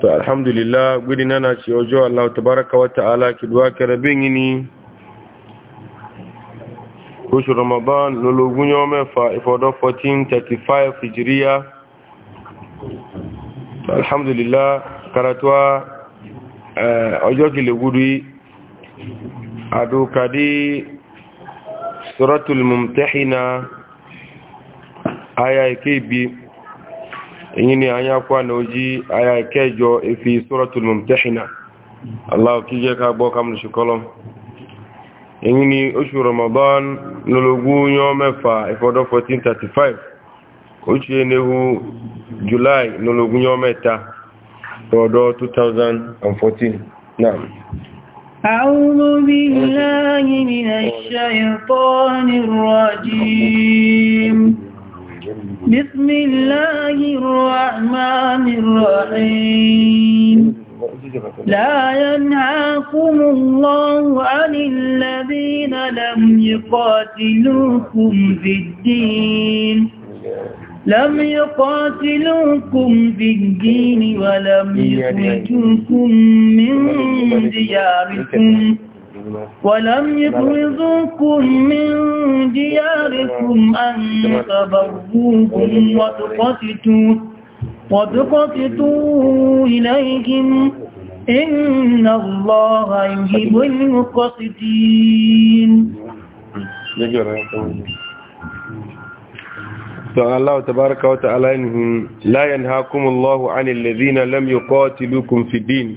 to alhamdulillah gudi nana ce ojo Allah tabaraka wa ta'ala ki duwa ka rabin yini oṣù ramadan lologun yọ mẹ́fà ìfọ̀dọ̀ 1435 hijriya alhamdulillah karatuwa ọjọ́ eh, gile gudu adokadi suratul mumtahina aya ike إني أن يكون نوجي آية كيجو في سورة الممتحنة الله كيجيك أبوك من شكرا إني أشهر رمضان نلقو يوم فا إفادة 1435 أشهر إنه جولاي نلقو يوم تا إفادة 2014 نعم أعوذ بالله من الشيطان الرجيم بسم الله الرحمن الرحيم لا ينهاكم الله عن الذين لم يقاتلوكم في الدين لم يقاتلوكم في الدين ولم يخرجوكم من دياركم ولم يخرجوكم من دياركم أن تبروكم وتقسطوا وتقسطوا إليهم إن الله يحب المقسطين سبحان الله تبارك وتعالى لا ينهاكم الله عن الذين لم يقاتلوكم في الدين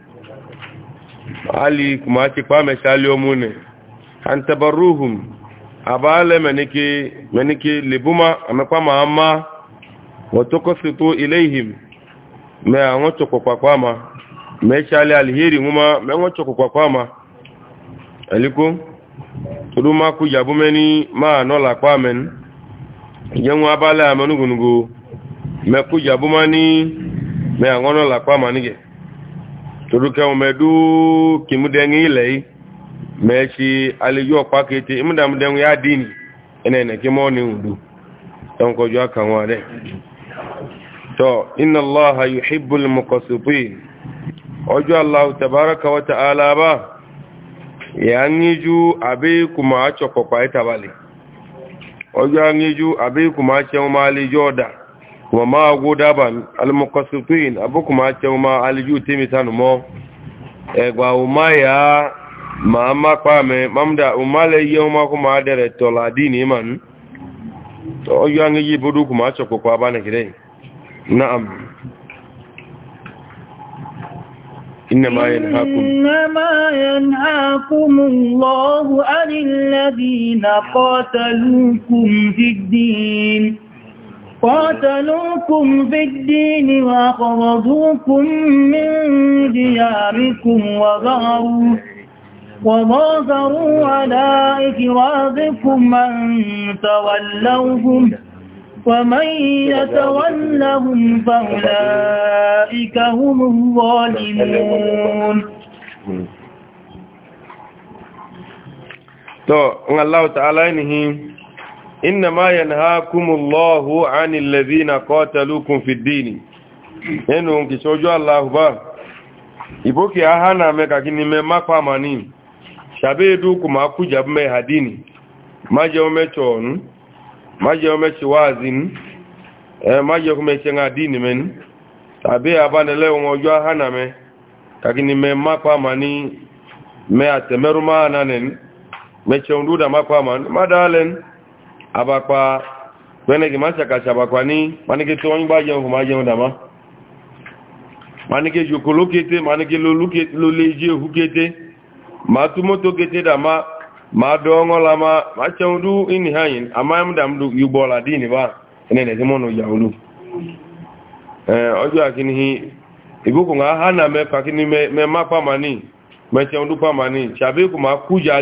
ali kuma ci kwa me shalio mune an tabarruhum abale meniki meniki libuma amekwa maama watokositu ilaihim me anwoto kwa kwama me shali alheri nguma me anwoto kwa kwama aliko tuduma ku yabumeni ma no la kwamen yenwu abale amanugunugo me ku mani, me anwono la kwama nige toruke ome du kimudengi ile mechi aliyo pakete imda mudengu ya dini enene kimoni udu tonko jwa kanware to inna allaha yuhibbul muqassitin ojo allah tabaraka wa ta'ala ba yangiju abi kuma achoko pa itabali ojo angiju abi kuma achemali joda kuma ma gudaban ma abukuma cewa aliju timitanu mo egwa uma ya ma ma kwame mamda umale ma kuma adere tola dini man to oyo budu kuma choko kwa bana gire na'am إنما ينهاكم إنما ينهاكم الله عن الذين قاتلوكم في الدين قاتلوكم في الدين وأخرجوكم من دياركم وظهروا وظاهروا على إكراضكم أن تولوهم ومن يتولهم فأولئك هم الظالمون تو الله تعالى نهي إنما ينهاكم الله عن الذين قاتلوكم في الدين إنهم كشوجوا الله با iboki ahana meka kini me makwa mani shabe du kuma kuja me hadini maje umechon maje umechiwazin e maje kumechenga dini men tabe abane leo ngojwa ahana me kakini me makwa mani me atemeru maana nen mechonduda makwa mani madalen abakpa kwenegi machakacha abakpa ni manike tí wọ́n gbá jẹun kò ma jẹun dàmá Ma jòkó ló kété ma ló lé jí òhú kété Ma tú mọ́tò kété dàmá Ma dọ́ ọ́ngọ́ la máa tẹun dú ìní hàyìn àmáyàmúdàmú yúgbọ́ làdí ìnìbá ẹni ẹ̀dẹ̀ tí mọ́nà ìyàwó lù ọjọ́ ha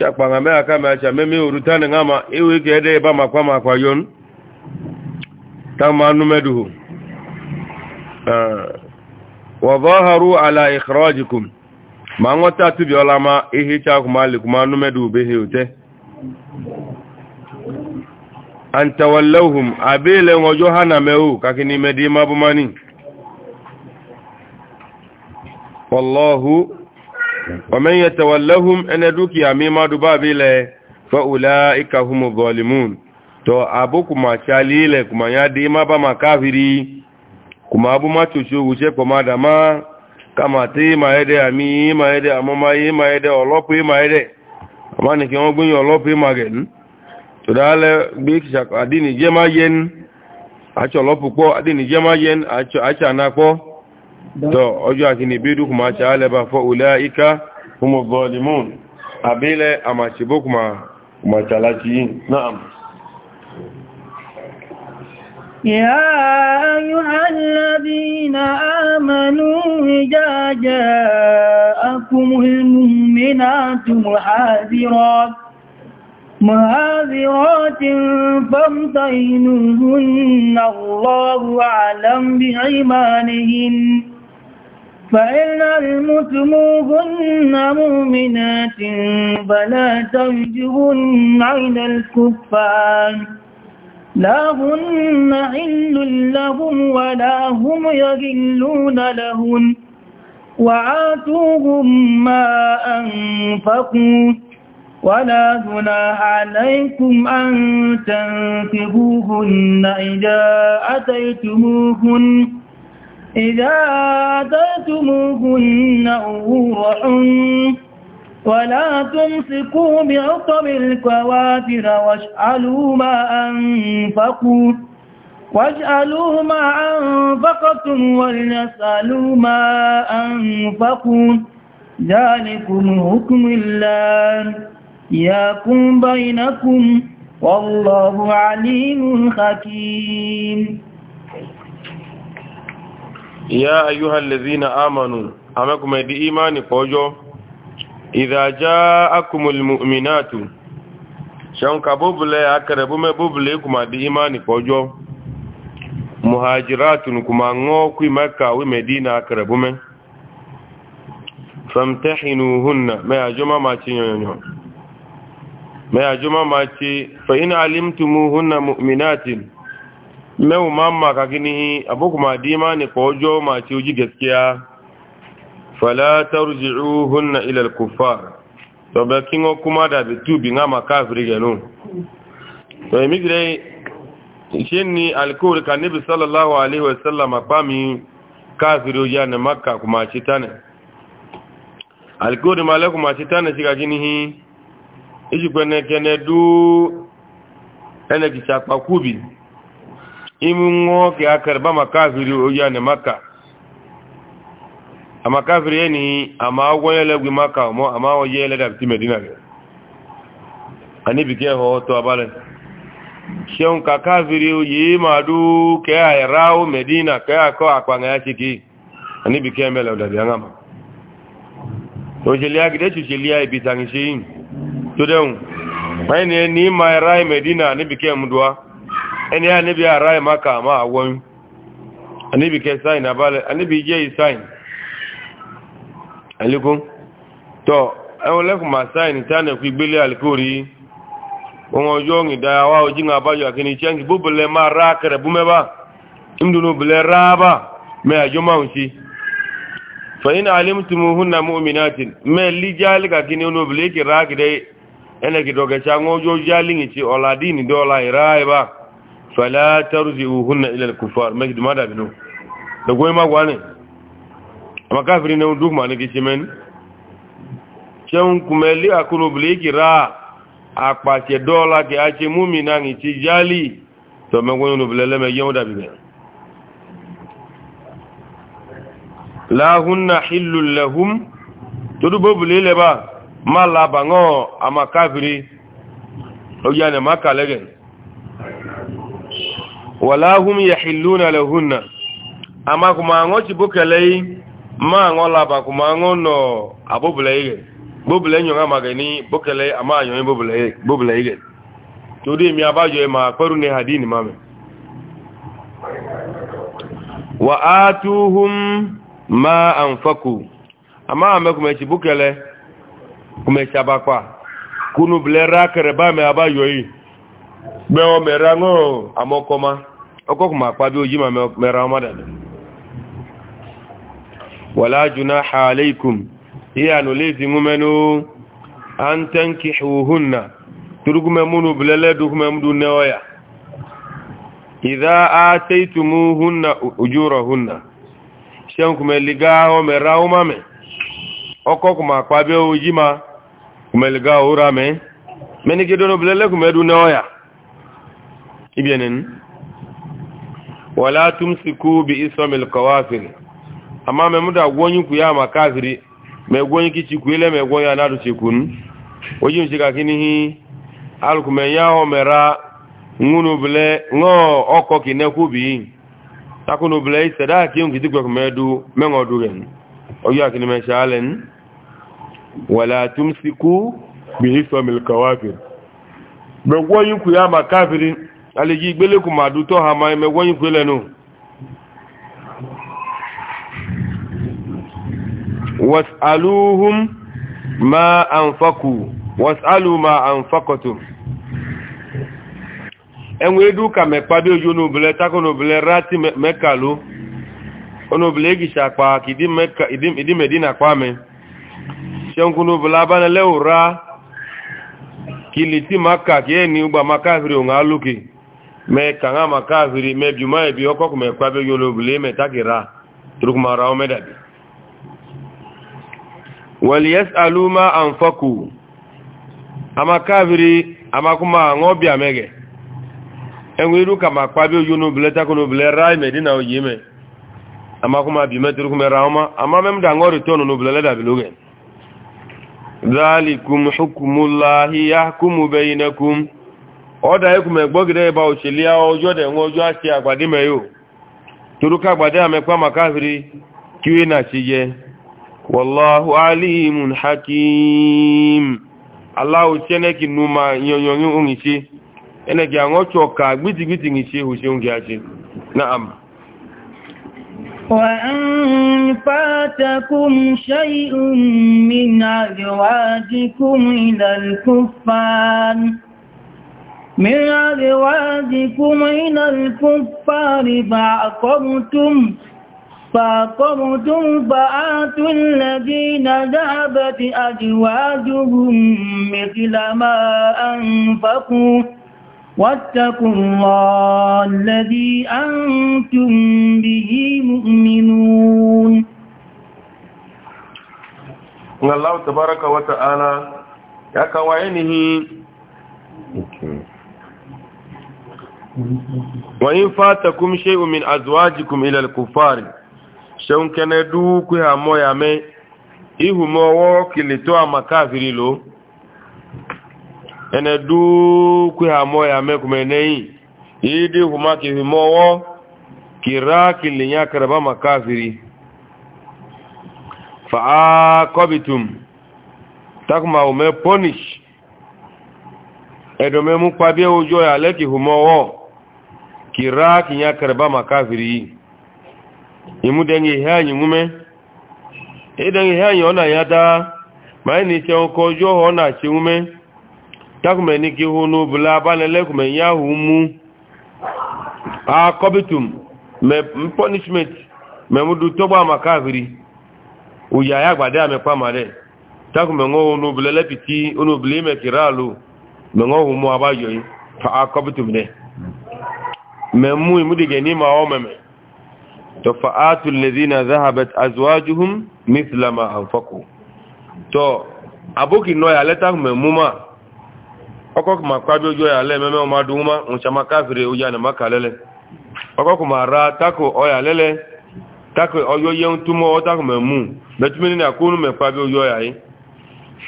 chakpanga me aka me acha me me urutane ngama iwe kede ba makwa makwa yon tama numedu ah, wa zaharu ala ikhrajikum ma ngota tubi ma ihi cha kuma likuma numedu behe ute an tawallawhum abele ngojo hana meu kakini medima ومن mi أن دوكي أميما دبابيلة فأولئك هم الظالمون to abu kuma shalile kuma ya dima ba makafiri kuma abu ma cucu wuce kuma ma kama ti ma yede ami yi ma yede amoma ma yede olopu yi ma yede amma ni ki olopu yi ma gen le bi ki sha adini je ma ma tọ́ ọjọ́ àkíní bídú kùmá ṣe fọ́ ulẹ́ iká fún ọgbọ̀lìmọ́n àbílẹ̀ àmàṣìbó kùmá kùmá yìí náà يا أيها الذين آمنوا إذا جاءكم المؤمنات مهاذرات فامتئنوهن الله أعلم بايمانهن فإن المسموهن مؤمنات فلا تنجهن عين الكفار لا هن حل لهم ولا هم يغلون لهن وعاتوهم ما أنفقوا ولا جناح عليكم أن تنكبوهن إذا أتيتموهن إذا أتيتموهن أورح ولا تمسكوا بعقب الكوافر واشعلوا ما أنفقوا واجعلوا ما أنفقتم ولنسألوا ما أنفقوا ذلكم حكم الله يحكم بينكم والله عليم حكيم يا أيها الذين آمنوا أمكم دي إيمان فوجو إذا جاءكم المؤمنات شانك بوبلي أكرب مبوبلي كما دي إيمان فوجو مهاجرات كما نوكي مكة ومدينة أكرب فامتحنوهن ما جمع ما تنينيون mai ajuma ma ce fa ina alimtumu hunna mu'minatin mai umar ka gini abu kuma dima ne ko jo ma ce uji gaskiya fala tarji'u hunna ila al-kuffar to ba kingo kuma da bitu bi ngama kafiri ganu to imigre shinni al-kur ka nabi sallallahu alaihi wa sallam pami kafiri ejikwana kene du ene kicha pakubi imu ngo ki akarba makafiri oya ne maka ama kafiri e ni ama awonyele gwi maka mo ama oyele da ti medina ge ani bi ke ho to abale sheun ka kafiri oyi madu ke ayrao e medina ke ako akwanga ya chiki ani bi ke mele da bi ngama to jeliya gide chu jeliya e ibi tangishin tudun mai ne ni ma rai medina ni bike mudwa eni ya ni biya rai maka ma na ani bike sign abale ani bi je sign alikun to awon e le kuma sign tane ku gbele alikori won ojo ngi da wa oji nga bayo akini chengi bubule ma ra kere bumeba ndunu bule raba me ajuma unchi fa in alimtumuhunna mu'minatin me lijali ka kini no bule ene kidoge chango jo jalingi chi ola dini do ola iraiba fala tarji'uhunna ila al-kuffar ma kiduma da binu da goyi ma gwane amma kafiri ne duk ma ne kici men chen kumeli akuru bliki ra apase do ola ke ache mumina ngi chi jali to me gonu blele me yemu da bibe la ma laba ŋɔ ama kafiri oya ne ma kalege wala hum yahilluna lahunna ama kuma ŋɔ ci bo kɛlɛyi ma ŋɔ laba kuma ŋɔ nɔ a bobule yi ge bobule nyɔŋa mage ni bukele ama a nyɔŋe bobule yi ge to de mi a ba jɔ e ma kpɛru ne hadi ni ma mɛ wa atuhum ma anfaku ama amɛ kuma e ci bo kumechabakwa kunu blera kereba me abayo yi me o mera amokoma oko kuma pa bi ojima ma mera ma dada wala junaha alaykum ya no lezi ngumenu an turugume munu blele dugume mdu neoya idha ataytumuhunna ujurahunna shankume ligaho ọkọ kuma kpabe oji ma kumeliga ora me meni ke dono bilele kumedu na oya ibienin wala tumsiku bi ismil kawafir amma me muda gwonyu ku ya makafiri me gwonyu ki chikuile me gwonyu anadu ya homera ngunu bile ngo oko kineku bi takunu bile sedaki ngidikwe kumedu mengodu genu ọjọ́ àkíní mẹ́ṣẹ́ allen wàlá túnṣíkú bí i sọmil kawafir mẹ́gbọ́yìn kù yá ma káfiri alẹ́jì ìgbélékù ma dútọ́ ha ma mẹ́gbọ́yìn kù lẹ́nu wasaluhum ma anfaku wasalu ma anfakotum ẹnwẹ́ dúkà mẹ́kàlú onobule egisha kpa idi medina kpa mi ṣenkun onobule abanilẹ ora kiliti maka kí ẹni ugba makafiri òun alókè mẹ kàńgá makafiri mẹ bímọ ẹbí me kpa bẹ yọ onobule mẹ takira turukuma ra dabi. dàbí. wàlíyẹs aluma anfaku amakafiri amakuma àwọn ọbẹ amẹgẹ ẹnwé irú kàmá kpa bẹ yọ onobule takọ onobule ra e mẹdina òye mẹ. ama kuma bi metri kuma rauma ama mem da ngori tonu no blele da biluge zalikum hukmullahi yahkumu bainakum oda yiku me gbogide ba o selia ojo de won ojo ati agbade me yo turuka agbade ame pa makafiri kiwe na sije wallahu alimun hakim allah o chene ki numa yonyon yin onise ene ki awon choka gbitigbiti nise o se onge ati na'am وأن فاتكم شيء من أزواجكم إلى الكفار من أزواجكم إلى الكفار فعقرتم فعقرتم فآتوا الذين ذهبت أزواجهم مثل ما أنفقوا واتقوا الله الذي أنتم به مؤمنون الله تبارك وتعالى يا كوائنه وإن فاتكم شيء من أزواجكم إلى الكفار شون كان دوكو يا مويا مي إيه مو وكلتو له ene du kwe amo ya me kumenei idi huma kira kiraki linya karaba makafiri fa aqabitum takuma ume punish edome mu pabie ojo ya leki humowo kiraki nya karaba makafiri imudenye hanyi mume idenye hanyi ona yada maini che okojo ona che mume takume ni ki hunu bula banele kume ya humu a kobitum me punishment me mudu tobo amakafiri uya ya gbade amepa mare takume ngo hunu bula lepiti hunu bula me kiralu me ngo humu abayo yi fa a kobitum ne me mu imude geni ma o meme to fa atul ladina dhahabat azwajuhum mithla ma anfaqu to aboki no ya leta kume muma ọkọkụ ma kpabi ojo ya ala ememe ọmadụ uma nwụcha ma na maka lele ọkọkụ ma ra tako ọya lele tako ọyọ ihe ntụmọ ọtakụ memu metumini na kwunu me kpabi ojo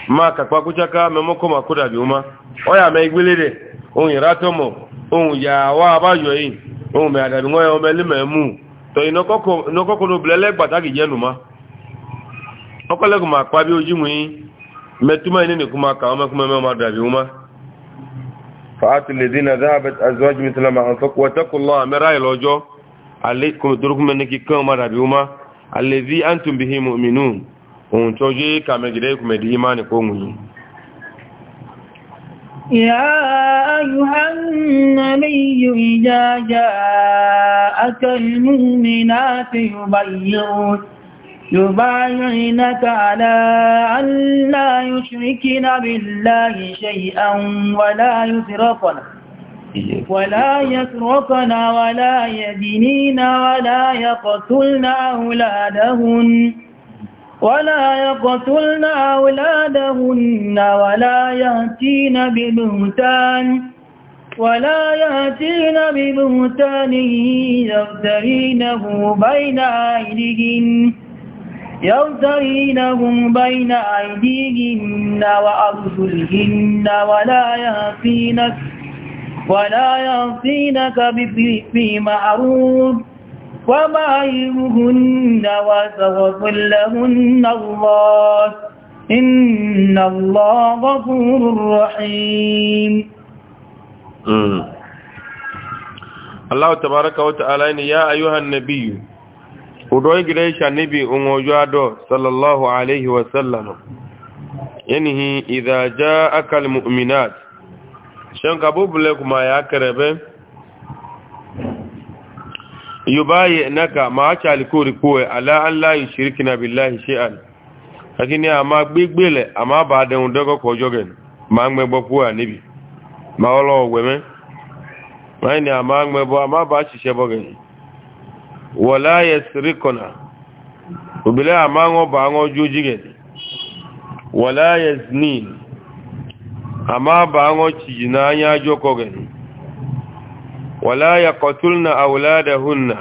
ma kàkpá kpakwucha ka ma kụdabi uma ọya ma igwelere ohun ohun ma ọkọlẹkụ ma kpabi oji nwe yi فآتوا الذين ذهبت أزواج مثل ما أنفقوا واتقوا الله مراي لوجو عليكم دركم منك كما ربيوما الذي أنتم به مؤمنون ونتوجي كما جريكم دي إيمانكم يا أيها النبي إذا جاءك المؤمنات يبيعون يبايعنك على أن لا يشركن بالله شيئا ولا يسرقن ولا يسرقن ولا يدينين ولا يقتلن أولادهن ولا يقتلن أولادهن ولا يأتين ببهتان ولا يأتين ببهتان يغترينه بين أيديهن يرترينهم بين أيديهن وأرجلهن ولا يعصينك ولا يعصينك في معروف وبايعهن وسوف لهن الله إن الله غفور رحيم الله تبارك وتعالى يا أيها النبي udoy gidaisha nabi ungojo ado sallallahu alayhi wa sallam yanhi idha ja'aka almu'minat shan kabu bule kuma ya karebe yubayi naka ma cha alikuri kuwe ala an la yushrikina billahi shay'an lakini ama gbigbele ama ba de undogo kojogen ma ngbegbo kuwa nabi ma olo weme ma ni ama ngbegbo ama ba sise bogen wala yasrikna obìnrin àmáwọn bá wọn jó jígẹ̀ wala yasnin àmá bá wọn tìjì náà yá jọ́kọ̀ rẹ̀ wala yaqtulna awladahunna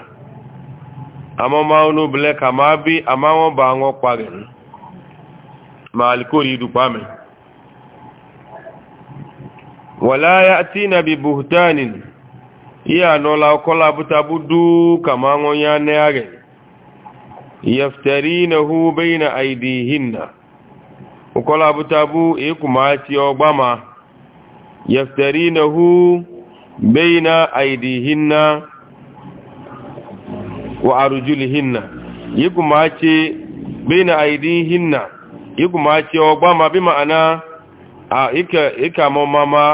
àmọ́ máa ń obìnrin kà máa bí àmáwọn bá wọn pa rẹ̀ màálìkórì dùpá mẹ́ wala ya'tina bi buhtanin ihe anọla ọkọla bụtabu kama onye anị agha yaftari na hu bai na aidihinna ọkọla bụtabu ikumachi ọgbama yaftari na hu bai na aidihinna wa arujulihinna ikumachi bai na aidihinna ikumachi ọgbama bi ma'ana a ika mama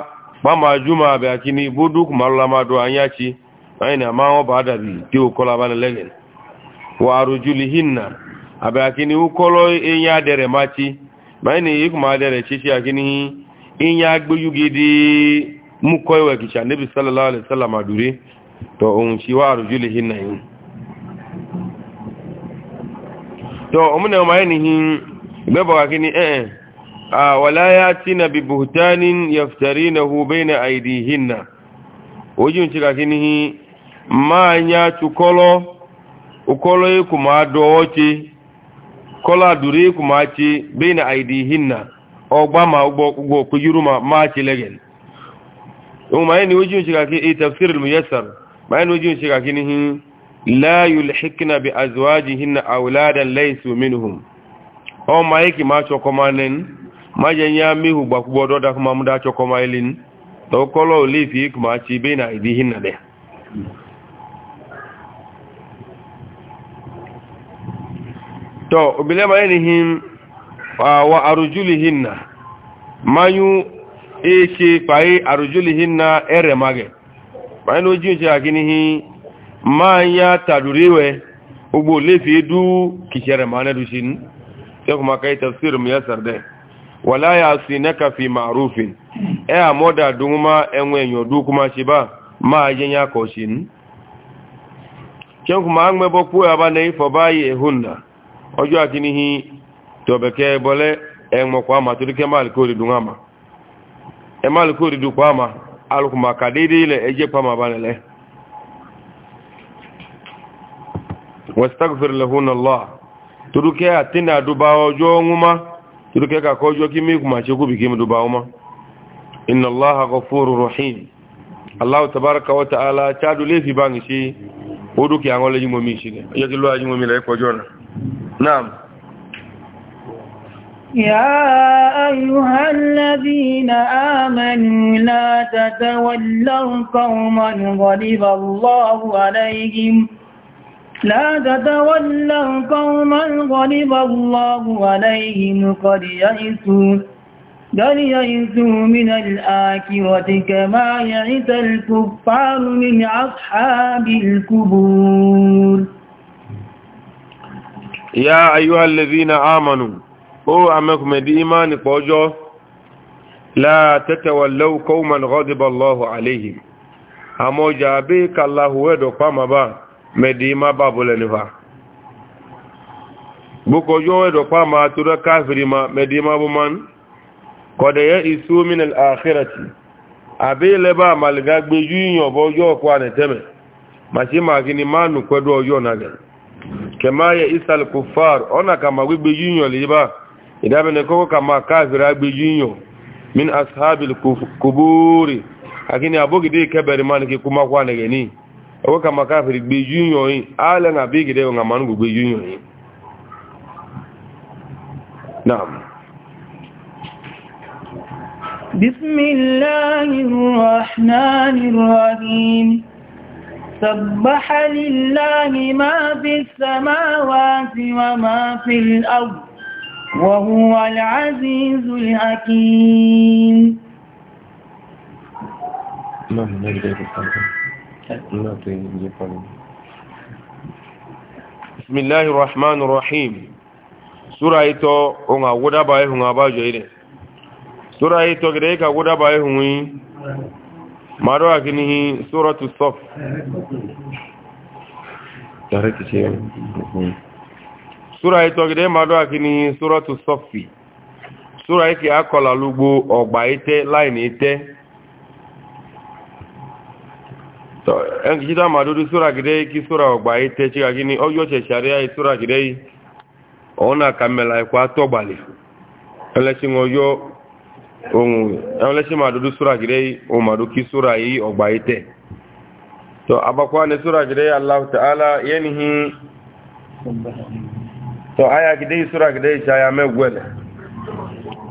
mama juma abe akini buduk malamado anyachi aina mawo badabi ti ukola bana legen wa rujulihinna abe akini ukolo inya dere machi maini ikuma dere chichi akini inya agbuyugidi muko ewe kicha nabi sallallahu alaihi wasallam aduri to on shi wa rujulihinna yin to omune maini hin bebo akini eh, eh. wala ya tina bi buhtanin yaftarinahu baina aidihinna ojun cika kinihi ma nya tukolo ukolo ku ma dowoche kola dure ku ma ci baina aidihinna ogba ma ugbo ugbo kujuru ma ma ci legen o ma ni ojun cika ki e tafsir al muyassar ma ni ojun cika kinihi la yulhikna maje nye amihu gbakwugbo doda kuma mu da choko ma ilin to kolo olifi kuma ci be na idihin na de to obile ma enihim wa arujulihinna mayu eche pai arujulihinna ere mage pai no jinje akinihi manya taduriwe ugbo lefi edu kishere ma na dushin te kuma kai tafsir mu yasar de wala ya si naka fi ma'rufin e a moda duma enwe nyodu kuma shi ba ma yin ya koshin ken kuma an mebo kuwa ba na ifo bayi ehunna ojo akinihi to beke bole enwo kwa ma turike mal ko ridu ngama e mal ka ridu kwa ma alukuma kadidi ile eje pa ma banele wastaghfir lahunna allah turuke atina dubawo jo nguma iruke ka kojo ki mi kuma ce gubi ki mu duba uma inna allaha ghafurur rahim allah tabaaraka wa ta'ala ta dule fi bangi shi odu ki angole jimo mi shi ya ki lo ajimo mi le kojo يا أيها الذين آمنوا لا تتولوا قوما غضب الله عليهم لا تتولوا قوما غضب الله عليهم قد يئسوا قد يئسوا من الآخرة كما يئس الكفار من أصحاب الكبور يا أيها الذين آمنوا أو أمكم إيمان قوجو لا تتولوا قوما غضب الله عليهم أمو جابيك الله ودو قام بان medima babule nifa buko yowe do ma tura kafiri ma medima buman kode ya isu min al akhirati abele ba malga gbe yinyo bo yo kwa ne teme machi ma gini manu kwedo oyo na ga kema ya isal kufar ona kama gbe yinyo liba idabe ne koko kama kafiri gbe yinyo min ashabil kuburi akini abogi de kebere man ki kuma kwa ne geni ẹwọ́ kama káfìrí gbé yúnyọ̀ yìí alẹ́ nà bí gẹ̀dẹ̀ ọ̀nà mọ́nù gbé yúnyọ̀ yìí naam bismillahirrahmanirrahim سبح لله ما في السماوات وما في الأرض وهو العزيز الحكيم ما من نجد No, to nie powiem. Bismillahir Rahmanir Rahim. Sura ito onga woda ba ehun abajo ire. Sura ito gere ka woda ba ehun yi. Maro akini suratu Saf. Sura ito gere maro akini suratu Safi. Sura yake akola ogba ite line ite. kita madudu sura gidei ki sura ọgba ite chika gini ọjọ́ ṣẹ̀ṣàrí ayé sura gidei ọ̀nà kàmẹ́lá ẹ̀kọ́ àtọ́gbàlẹ̀ ẹlẹ́ṣin ọjọ́ ohun ẹlẹ́ṣin madudu sura gidei ohun madu ki sura yìí ọgba ite to abakwa ne sura gidei allahu ta'ala yanihi to aya gidei sura gidei ṣaya mẹ́gbẹ̀lẹ̀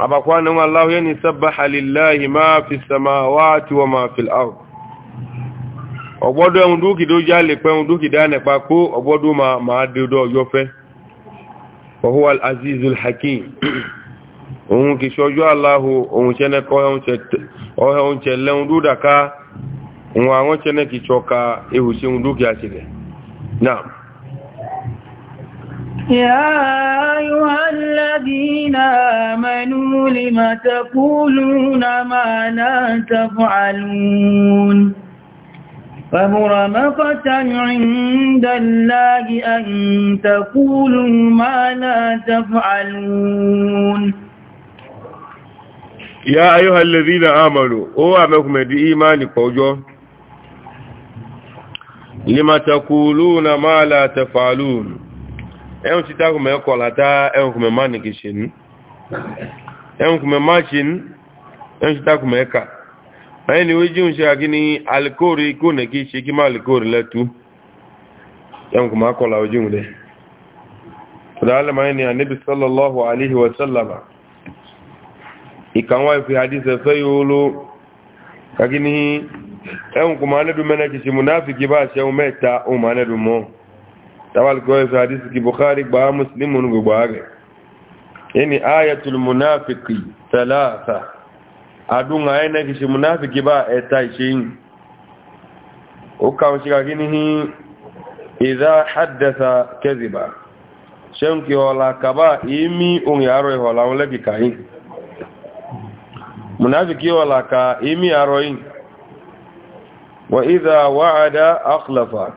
abakwa ne wọn allahu yanihi sabbaha lillahi ma fi samawa ti wa ma fi al'adu ọgbọ́dọ̀ ẹ̀hùn dúkìdó já lè pẹ́hùn dúkìdá nípa kó ọgbọ́dọ̀ máa dúdọ̀ ọjọ́ fẹ́ ọ̀húwà azizul hakim ohun kì ṣọjọ́ aláhù ohun ṣẹ́nẹ́kọ́ ẹ̀hùn ṣẹlẹ́hùn dúdàká ohun àwọn ṣẹ́nẹ́kì ṣọka ihù sí ohun dúkìá ṣẹlẹ̀ náà فبر مقتا عند الله تَقُولُ مَا ما لا تفعلون يا أيها الذين آمنوا أوامكم دي إيماني قوجو لما تقولون ما لا تفعلون ẹ̀hùn ti tákù mẹ́ kọ̀ látá ẹ̀hùn kùmẹ̀ má nìkì ṣe ní ayi ni wai jin shaki ni alkori ko na ki shi kima alkori latu yan kuma kola wajen ne da alama ne annabi sallallahu alaihi wa sallama ikan wa fi hadisa sayolo kaki ni yan kuma na dume na kishi munafiki ba shi yan meta o ma na dumo tawal ko fi hadisi ki bukhari ba muslimun gubare yani ayatul adun a yana kishi munafiki ba a ta ishe yin ukan shiga ginihi iza haddasa keziba shanki hola ka ba imi un yaro ya hola wula bi kayi munafiki hola ka imi yaro yin wa iza wa'ada akhlafa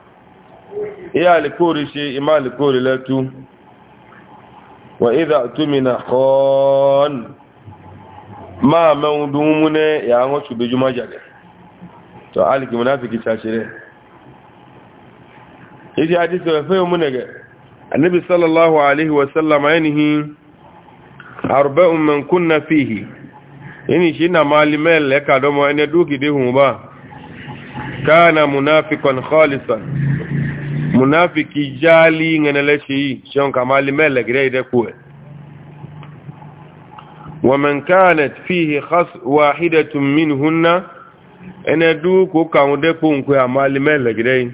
iya alikori shi ima alikori latu wa iza tumina khon máa mẹ́un dún mú ní ìyàwó ṣùgbéjú má jàlẹ̀ tó alìkì mú láti kìí ṣàṣírẹ́ ìdí àdísọ̀ ẹ̀fẹ́ mú nẹ̀gẹ̀ annabi sallallahu alaihi wasallam ainihi arba'un man kunna fihi ini shi na malimai lẹ́ka dọ́mọ ẹni dúkì díhùn bá káàna munafikon khalisan munafiki jali ومن كانت فيه خص واحدة منهن أنا دوكو كان دكون كو أمال ملك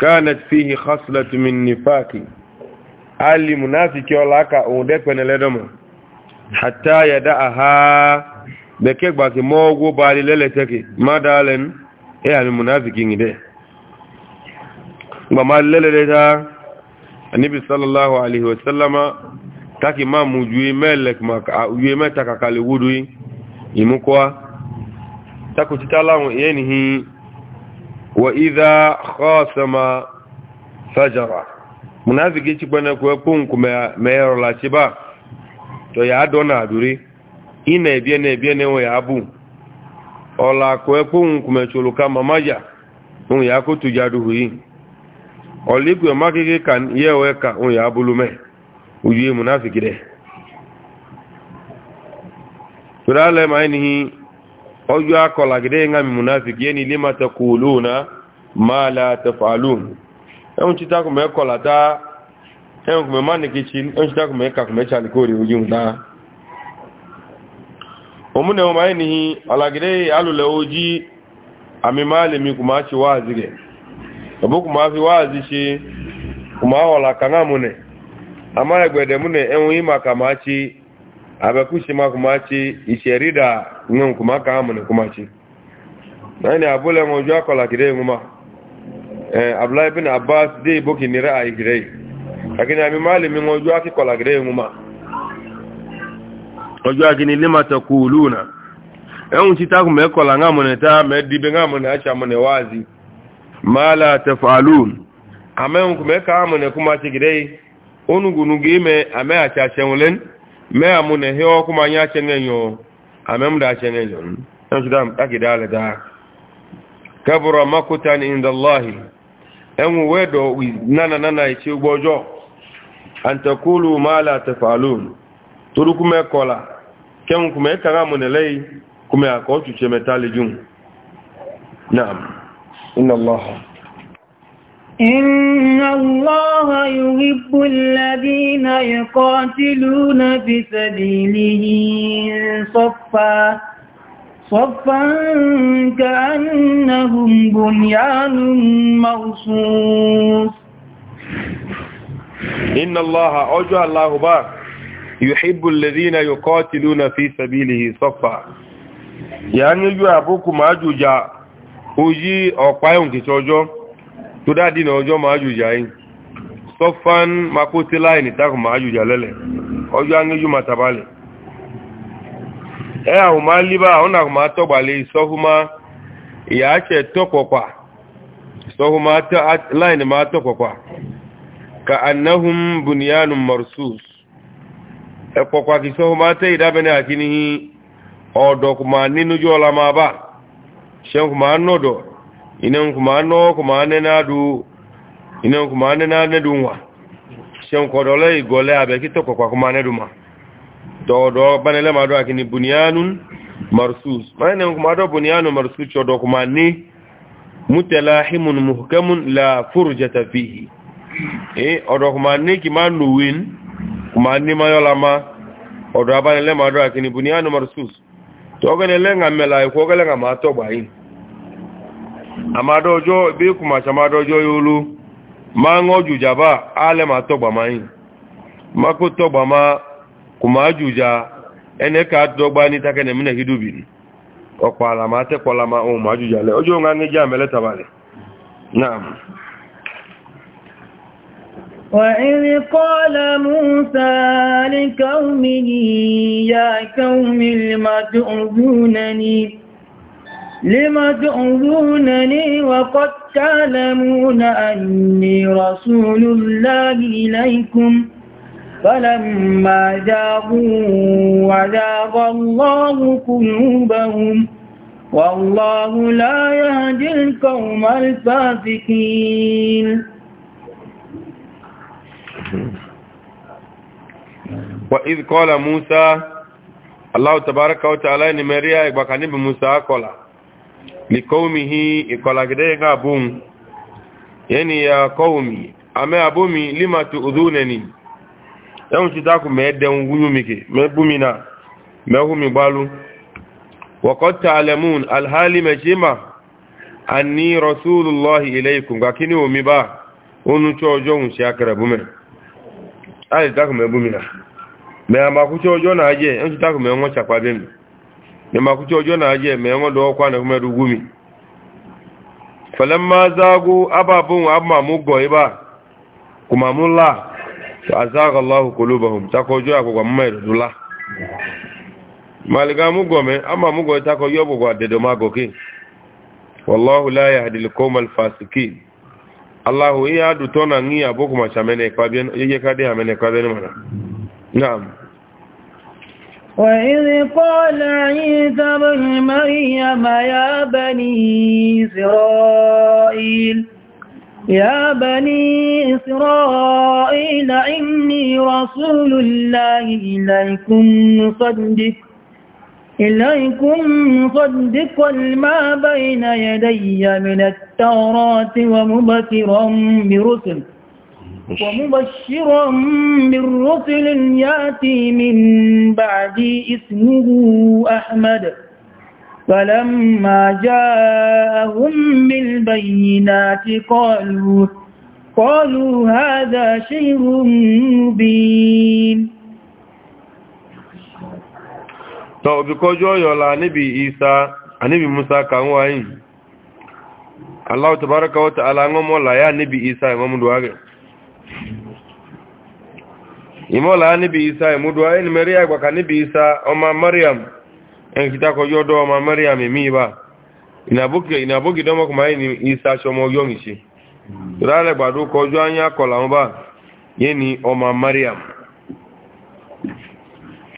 كانت فيه خصلة من نفاق ali munafiki olaka onde penele domo hatta yada'aha beke gbaki mogo bali lele teke madalen e ami munafiki ngide ngba mal lele ta annabi sallallahu alaihi wasallama taki mamu yue melek maka yue meta kakale wudu imukwa taku titalawo yenihi wa idha khasama fajara munafiki chibana kwa punku meyaro la ba to ya dona aduri ina ebiene ebiene wo ya abu ola kwa punku mechuluka mamaja un ya kutujaduhi oligwe makike kan yeweka un ya abulume ujue munafiki de tulale maini ojo akola gide ngami munafiki yani lima taquluna ma la tafalun en chita ko me kola ta en ko me mani kichin en chita ko me ka ko me chali ko ri ujun da omune o maini ala gide alule oji ami malimi kuma chi wazige obu kuma fi wazi shi kuma wala kangamune amma gbede mu ne enwe ima kamachi abekushi ma kumachi isherida ngum kuma e, ka mu ne kumachi nani abule mo jwa kola kire nguma eh abdullah ibn abbas de boki ni ra'ayi kire lakini ami mali mi ngojo aki kola kire nguma ojo akini lima takuluna ehun ti ta ku me kola ngamu ne ta me e dibe ngamu ne acha mu ne wazi mala tafalun amen ku me ka mu ne kuma ti kire onugunu gị ime ame achachenwele mee amụ na ihe ọkụ ma anyị achenenyo amemda achenenyo akidalada kabura makutan indallahi enwu wedo nana nana ichi tafalun kola kaga إن الله يحب الذين يقاتلون في سبيله صفا صفا كأنهم بنيان مرصوص إن الله أجوى الله باك يحب الذين يقاتلون في سبيله صفا يعني يجوى أبوكم أجوجا أجي أقايون كتوجو tó dáadí na ọjọ́ máa jùjà yìí sọfán máa tí láì nìtakùn máa jùjà lẹ́lẹ̀ ọjọ́ angéjú máa tàbálẹ̀ ẹ àwọn máa líbá àwọn àwọn máa tọ́gbàlẹ̀ sọfúnmá ìyá àṣẹ tọ́pọ̀pà sọfúnmá láì ní máa tọ́pọ̀pà ka annahum bunyanun marsus kì sọfúnmá tẹ́ ìdábẹ́ni àti ọ̀dọ̀kùnmá nínú jọ́ inan kuma no kuma ne na du inan kuma ne na ne dunwa shen ko dole igole abe ki to kwa kuma ne duma do do banele ma do akini bunyanun marsus ma ne kuma do bunyanun marsus cho do kuma ni mutalahimun muhkamun la furjata fihi e, odo kuma ni ki ma nu win kuma ni ma yola ma odo abanele ma do akini bunyanun marsus to gele lenga mela ko gele nga ma to gba yin amadojo be kuma ọjọ́ yolu ma ngoju a ale ma togba mai mako togba ma kuma ajuja ene ka dogba ni takene mine hidubi okwala ma te ma o ma ajuja le ojo nga ngi jamele tabale naam لما تؤذونني وقد تعلمون أني رسول الله إليكم فلما ذابوا وذاب الله قلوبهم والله لا يهدي القوم الفاسقين وإذ قال موسى الله تبارك وتعالى نمريا إقبقى نبي موسى قال لقومه إقلاقديك أبوم يعني يا قومي أما أبومي لما تؤذونني يوم شتاكم ميدهم ويومك مبومنا مهم بالو وقد تعلمون الحال مجمع أني رسول الله إليكم لكن ومبا ونشو جون شاكر أبومي أي تاكم مبومنا ما ما كنت جون أجي أنت تاكم مبومنا makuci ojo na aje me yango do kwa na kuma rugumi falamma zagu ababun amma mugo iba kuma mulla fa azaga allah qulubahum takojo ako kwa mai dula maliga mugo me amma mugo takojo bo kwa dedo magoki wallahu la yahdi alqawm alfasikin allah ya du tona ngi aboko machamene kwa bien yeye kade amene kwa bien mana naam وإذ قال عيسى بن مريم يا بني إسرائيل يا بني إسرائيل إني رسول الله إليكم مصدق إليكم مصدقا ما بين يدي من التوراة ومبكرا برسل ومبشرا برسل يأتي من بعدي اسمه أحمد فلما جاءهم بالبينات قالوا قالوا هذا شيء مبين tọ́ obìkọjọ́ yọ̀la níbi isa níbi musa kàwọn wáyìí aláwọ̀ tàbárakà wata aláwọ̀ mọ́lá yá níbi isa ìwọ̀n mú duwárẹ̀ imola nibi isa imudua en maria kwa kanibi isa oma maryam en kitako yodo oma maryam imiba inabuki inabuki domo kuma ni isa shomo yongishi rale gbadu ko jo anya kola yeni oma maryam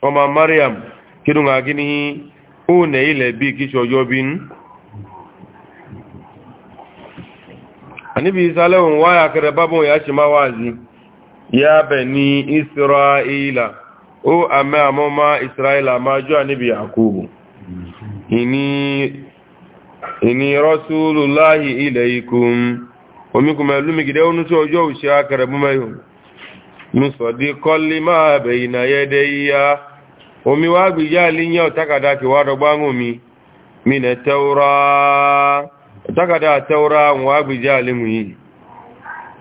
oma maryam kidunga gini une ile bi kicho yobin anibi isa lewon waya kare ya shima wazi ya bani isra'ila o amma amoma isra'ila ma ju anibi yakubu ini ini rasulullahi ilaykum omikum elumi gide onu ti ojo ose akere bumeyo musadiqan lima bayna yadayya omi wa gbi ya liyan otakada ki wa dogba ngun mi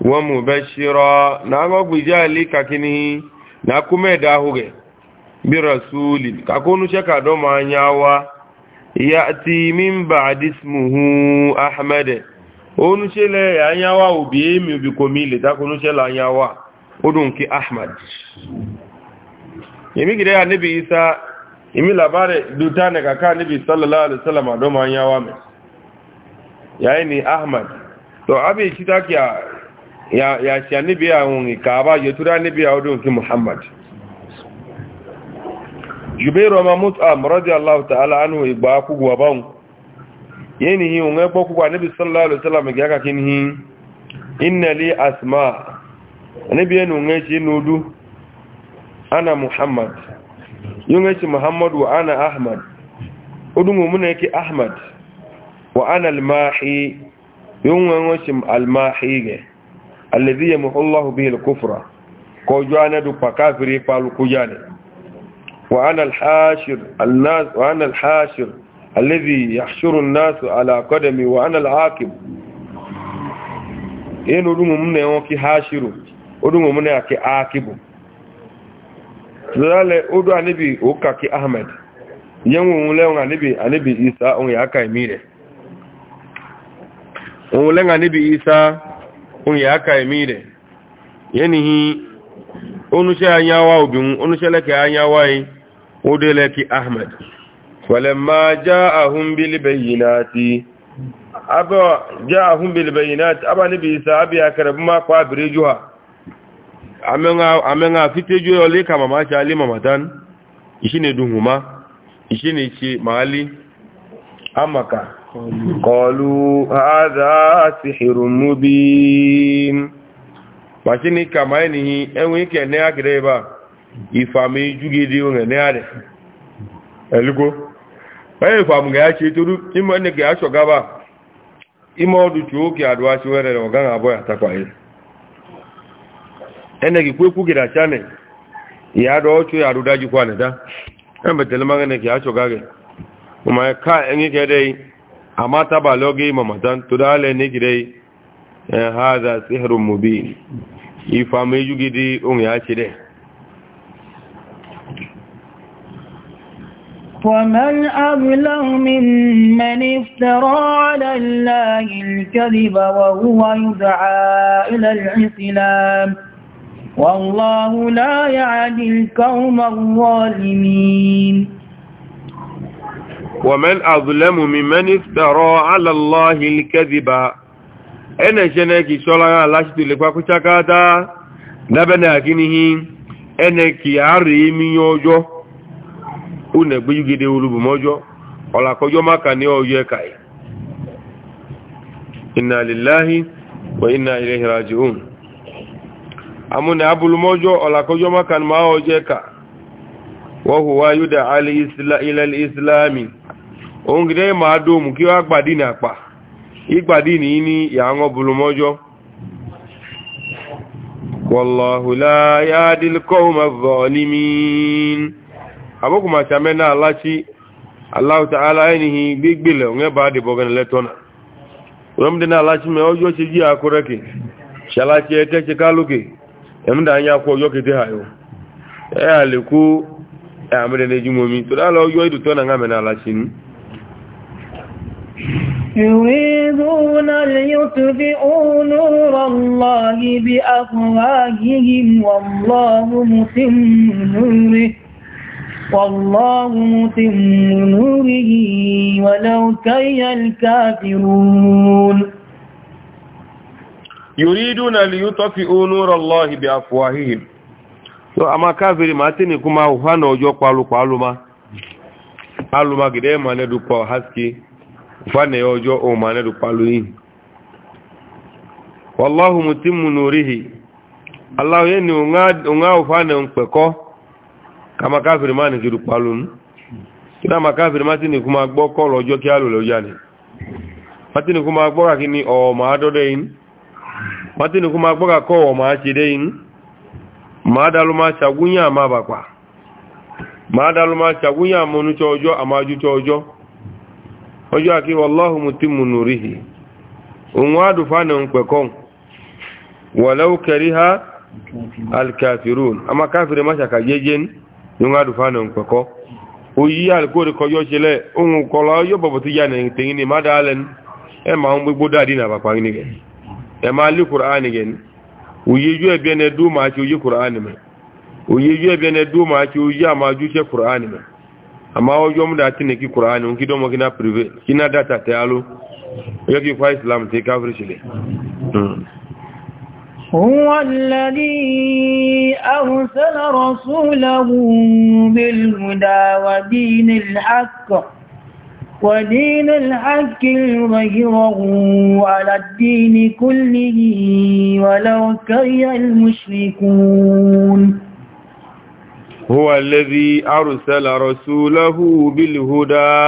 ومبشرا نعم بجالك كنه نكم داهوغ برسول ككون شكا دوما نياوا ياتي من بعد اسمه احمد onusele anyawa obi emi obi komile ta konusele anyawa odunki ahmad yemi gide ya nabi isa imi labare duta ne kaka nabi sallallahu alaihi wasallam adoma anyawa me yayi ni Ahmed to abi chitakia ya ya ci annabi ya wuni ka ba ya tura annabi ya wudun ki muhammad jubairu ma mut'am ah, radiyallahu ta'ala anu igba ku gwa ban yeni hi unga ko ku annabi sallallahu alaihi wasallam ga ka kin hi inna li asma nudu ana muhammad yunwe ci muhammad wa ana ahmad udungu muna yake ahmad wa ana al-mahi yunga ci al-mahi alladhi yamhu Allahu bihi al-kufra ko jwana du pakafiri palu kujane wa ana al-hashir an-nas wa ana al-hashir alladhi yahshuru an-nas ala qadami wa ana al-aqib enu dumu mne won ki ahmed yẹn un ya aka emi de yanihi onuse anyawa obin onuse leke anyawa yi ode leke ahmed falamma ja'ahum bil bayyinati aba ja'ahum bil bayyinati aba ni bi sahabi akarabu ma kwa birejuha amenga amenga fiteju yole kama macha ali mamatan ishine قالوا هذا سحر مبين màtíní kàmá ènìyàn ẹwọ́n ikẹ̀ ní àkìrẹ́ ibá ìfàmì jùgidi ohun ẹ̀ní àrẹ̀ ẹ̀lúkó ẹ̀yìn ìfàmù gẹ̀ẹ́ ṣe torú ìmọ̀ ẹni gẹ̀ẹ́ ṣọ̀gábà ìmọ̀ ọdún tí ó kí àdúwá sí wẹ́rẹ̀ ọ̀gá àbọ̀ àtàpà yìí ẹni kì kwékú kìdà sánẹ̀ ìyádọ́ ọ́chọ́ àdúdájú kwanẹ̀dá ẹ̀mẹ̀tẹ̀lẹ́mọ́ ẹni gẹ̀ẹ́ ṣọ̀gá rẹ̀ amma ta ba loge mamatan tudale ne gidai haza sihirun mubi ifa mai yugidi un ya ci dai ومن أبلغ ممن افترى على الله الكذب وهو يدعى إلى الإسلام والله لا يعدي الكوم الظالمين ومن أظلم ممن افترى على الله الكذبا أنا شنكي شولا لاشتي لفاكو شكاتا نبنا كنه أنا كي عريمي يوجو ونبي يجدي ولوب موجو ولا كوجو ما كان يوجيكاي إنا لله وإنا إليه راجعون أمون أبو الموجو ولا كوجو ما كان ما وهو يدعى إلى الإسلام òun gidẹ́ máa dóòmù kí wá gbàdí ní àpà ìgbàdí ní ní ìyàwó bulumọ́jọ́ wọ́lọ̀hùlá yá dílkọ́ọ̀mà zọ̀ọ́límìn àbúkù máa ṣàmẹ́nà aláṣí aláwọ̀ta aláìníhì gbígbìlẹ̀ òun ẹ̀bà àdìbọ̀gẹ̀nà lẹ́tọ́nà rọ́mdínà aláṣí mẹ́ ọjọ́ ṣe jí àkúrẹ́kì ṣàláṣí ẹ̀tẹ́ ṣe kálókè ẹ̀mdà ń yá kú ọjọ́ kété àyọ̀ ẹ̀ àlékú ẹ̀ àmì يريدون ليطفئوا نور الله بأفواههم والله متم نوره والله متم نوره ولو كي الكافرون يريدون ليطفئوا نور الله بأفواههم so ama kafiri ma tini kuma uhana ojo palu palu ma palu ma gide ma ne du ko haske fane ojo o mane du paluin wallahu mutimmu nurihi allah yeni unga unga fane unpeko kama kafiri mani kidu palun kina makafiri matini kuma gbo ko lojo ki alu lojo ni matini kuma gbo ka kini o ma do dein matini kuma gbo ka ko o ma chi dein ma dalu ma chagunya ma bakwa ma dalu ma chagunya monu chojo amaju chojo ọjọ́ àkí wọlọ́hùn mú tí mú nù rí hì òun wá dùfà ní pẹ̀kọ́n wọ̀lẹ́wù kẹrí ha alkafirun a ma káfìrí má ṣàkà jẹ́jẹ́ ní wá dùfà ní pẹ̀kọ́ oyí alkóòrí kọjọ́ ṣẹlẹ̀ ohun kọlọ yóò bọ̀bọ̀ tí yàn tẹ̀yìn ní má dáa lẹ́nu ẹ ma ń gbogbo dáadí ní àpapà nìgẹ̀ ẹ ma lé kùrán nìgẹ̀ ni oyí ojú ẹbí ẹni dúó máa ṣe oyí kùrán nìmẹ̀ oyí ojú ẹbí ẹni dúó máa ṣe oyí àmájú ṣe kùrán nìmẹ̀ amma wajen mu da ake neki ƙura'ani wanki don wakina prive kina data ta yalo yake kwa islam ta yi kafir shi ne هو الذي أرسل رسوله بالهدى ودين الحق ودين الحق ليظهره على الدين كله ولو كره المشركون هو الذي أرسل رسوله بالهدى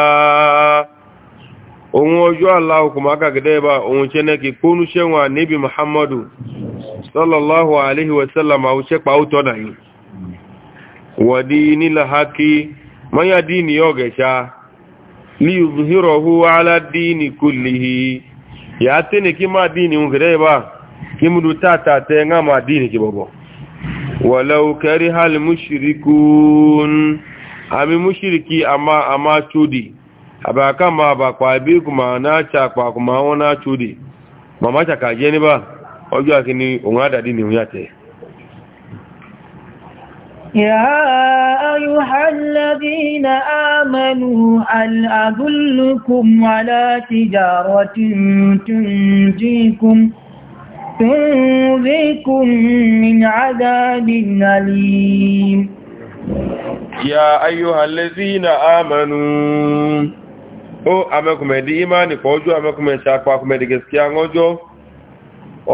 ohun ojú aláwọ̀ kò máa kàgidẹ́ bá ohun ṣe náà kí kónú ṣẹ́wọ̀n níbi muhammadu sallallahu alaihi wasallam a ṣe pa ótọ́ náà yìí wàdí nílá haki mọ́yá dínì yóò gẹ̀ṣá ní ìhìrọ̀hú aládínì kùlìhì walau karihal mushrikun ami mushriki ama ama chudi abaka ma ba kwa bi kuma na cha kwa kuma ona chudi mama cha kaje ni ba ojo akini onwa dadi يا أيها الذين آمنوا هل على تجارة تنجيكم تنذركم من عذاب أليم يا أيها الذين آمنوا o amekume di imani kọ ojú amekume ṣàpá akùnmẹ̀ di gẹ̀ẹ́sì àwọn ọjọ́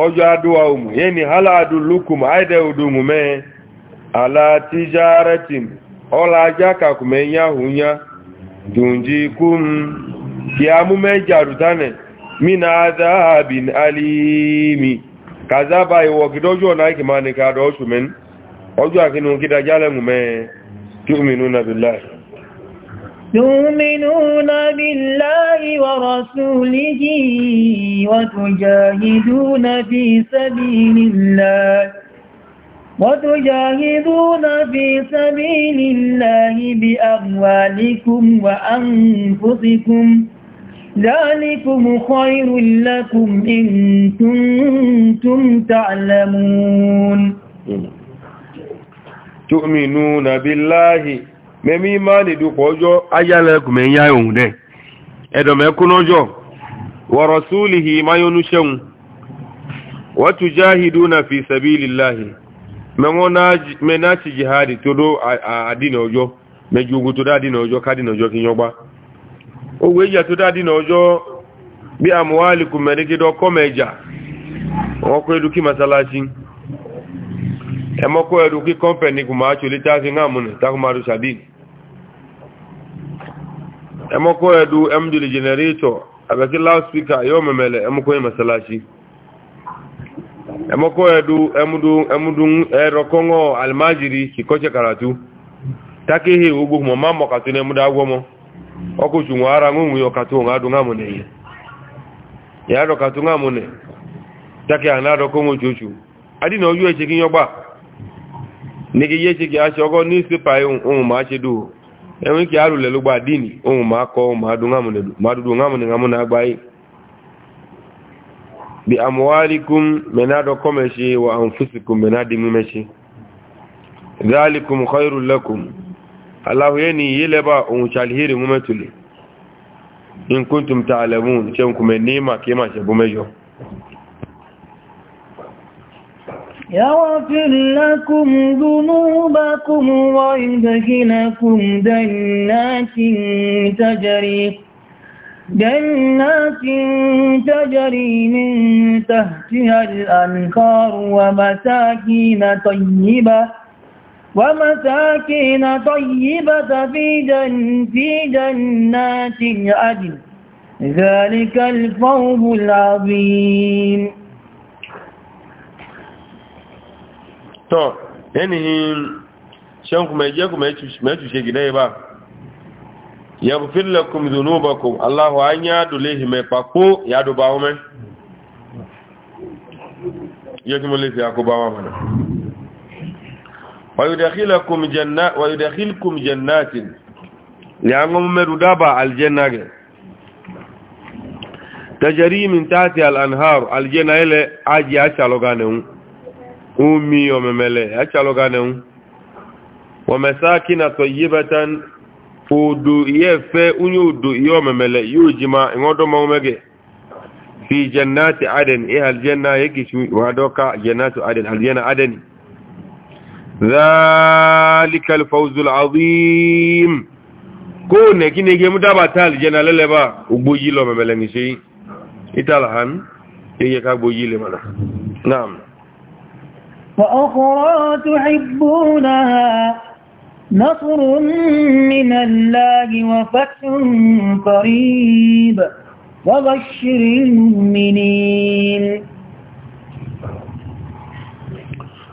ọjọ́ adúwà ohun yẹ́ ni aláàdù lukùn àìdẹ̀ òdòmù mẹ́ aláàtíjáàrẹ́tìm ọlá ajá kàkùnmẹ̀ yáhùnyá dùnjíkún kí amúmẹ́ jàrùtánẹ̀ mínà adáàbìn kaza ba iwo gidojo na yake mani ka da osu min ojo akinu gida jalan me tu'minuna billahi تؤمنون بالله ورسوله وتجاهدون في سبيل الله وتجاهدون في سبيل ذلكم خير لكم إن كنتم تعلمون تؤمنون بالله mẹ́mí máa lè dúkọ̀ ọjọ́ ayálẹ́kùn mẹ́yà òun dẹ̀ ẹ̀dọ̀mẹ́kún ọjọ́ wọ̀rọ̀ súlìhì máyónú ṣẹ́un wọ́n tún jáhìdú na fi sẹ̀bí lìláhì mẹ́ná ti jihadi tó dó àdínà ọjọ́ mẹ́jú ogun tó dá àdínà ọjọ́ kádínà ọjọ́ kí yọgbá owó ìjà tó dá dínà ọjọ́ bí àmúhálìkù mẹ́rìndínlọ́ kọ́mọ ẹja wọ́n kó ẹdùkí masalasi ẹmọ́kó ẹdùkí kọ́mpẹ̀ní kò máa ṣòlé táàkì ń hàmùnà takumaru sabi ẹmọ́kó ẹdù ẹmdùlì jẹnẹrétọ̀ àbẹ̀kí láùspíkà yóò mẹ́mẹ́lẹ̀ ẹmọ́kó ẹ masalasi ẹmọ́kó edu ẹmùdùn ẹ̀rọ kọ́ngọ́ alimajiri kìkọ́ṣẹ́ karatu tákìhì ogbogbo mọ́ má mọ̀kàtún ẹmúdà agbọ́mọ́ ọkụchu nwara ara nwe onwe ọkatụ onwe adụ ngamụ na ihe ya adọkatụ ngamụ taki a na-adọkọ onwe adị na eche gị nyọgba ne gị yeche gị achị ọgọ n'isi ụmụ ma enwe ike gba dini ụmụ ma akọ ma adụ ngamụ ma na bi menadọkọ wa menadimu alahu yeni yele ba ohun chalhiri mu metule in kuntum ta'lamun ce kuma nema ke ma ce bumejo يغفر لكم ذنوبكم ويدخلكم جنات تجري جنات تجري من تحتها الأنهار ومساكين طيبة ومساكين طيبة في, جن في جنات عدن ذلك الفوز العظيم tọ́ ẹni ṣẹ́nkù mẹ́jẹ́kù mẹ́jù ṣe gida ibá yàbù fílẹ̀kùn zunubakum aláhù an yá dùlé hìmẹ̀ pàpó yàdù bá wọ́n mẹ́ yẹ́ kí mọ́ lè fi àkóbá wọn mọ̀ ويدخلكم جنات لأنهم مردابا الجنة تجري من تحت الأنهار الجنة إلى أجي أشالوغانهم أمي ومملي أشالوغانهم ومساكن طيبة odo iye fe unye odo iye omemele yóò jima ìwọ́dọ́ ma omege fi jannati aden ihe aljanna yake shi wadọ́ka jannatu aden aljanna adeni ذلك الفوز العظيم كون كيني جيم دابا تال جنا للبا وبوجي لو مبلني شي يتالهان يجيكا بوجي لمنا نعم وأخرى تحبونها نصر من الله وفتح قريب وبشر المؤمنين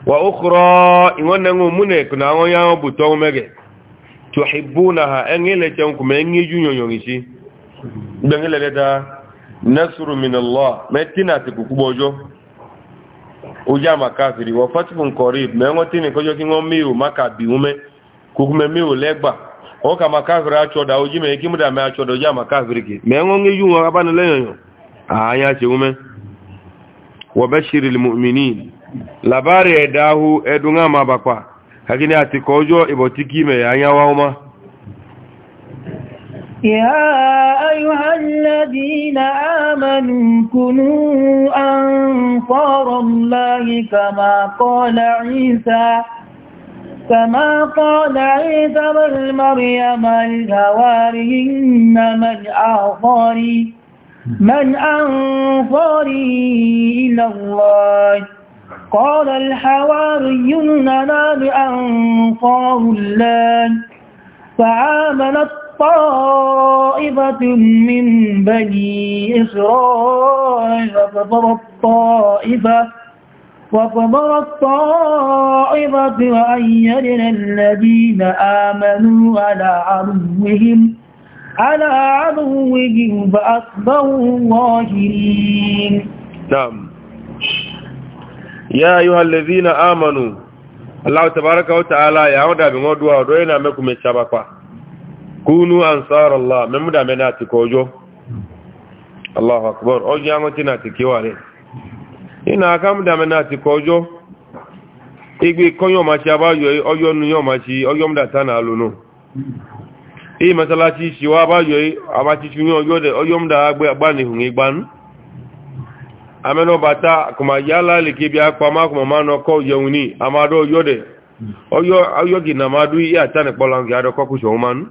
wa ukhra ingona ngumune kuna ngonya obuto umege tuhibbunaha engile chanku mengi junyonyongishi bengile leta nasru min Allah metina tikukubojo ujama kafiri wa fatfun qarib mengo tini kojo kingo miu makabi ume kukume miu legba oka makafiri achoda ujime kimuda me achoda ujama kafiri ki mengo ngiju ngabana lenyonyo aya che ume wa bashiril mu'minin labari ya dahu edunga mabakwa lakini atikojo ibotiki ya nyawauma يا أيها الذين آمنوا كنوا أنصار الله كما قال عيسى كما قال عيسى بن مريم الهواريين من أعصاري من أنصاري إلى الله قال الحواريون نال أنصار الله فعاملت طائفة من بني إسرائيل فضرت طائفة وفضرت طائفة وأيدنا الذين آمنوا على عدوهم على عدوهم فأصبروا ظاهرين نعم ya ayuha alladhina amanu allah tabaraka wa ta'ala ya oda bi ngodwa odo ina meku mechaba kwa kunu ansar allah memuda menati kojo allahu akbar oje ango tinati kiwale ina akamda menati kojo konyo oyo oyo mda tana i ameno bata kuma yala liki biya kpama kuma mano ko yeuni amado yode oyo oyo gina madu iya tane kpolangi ado ko kusho man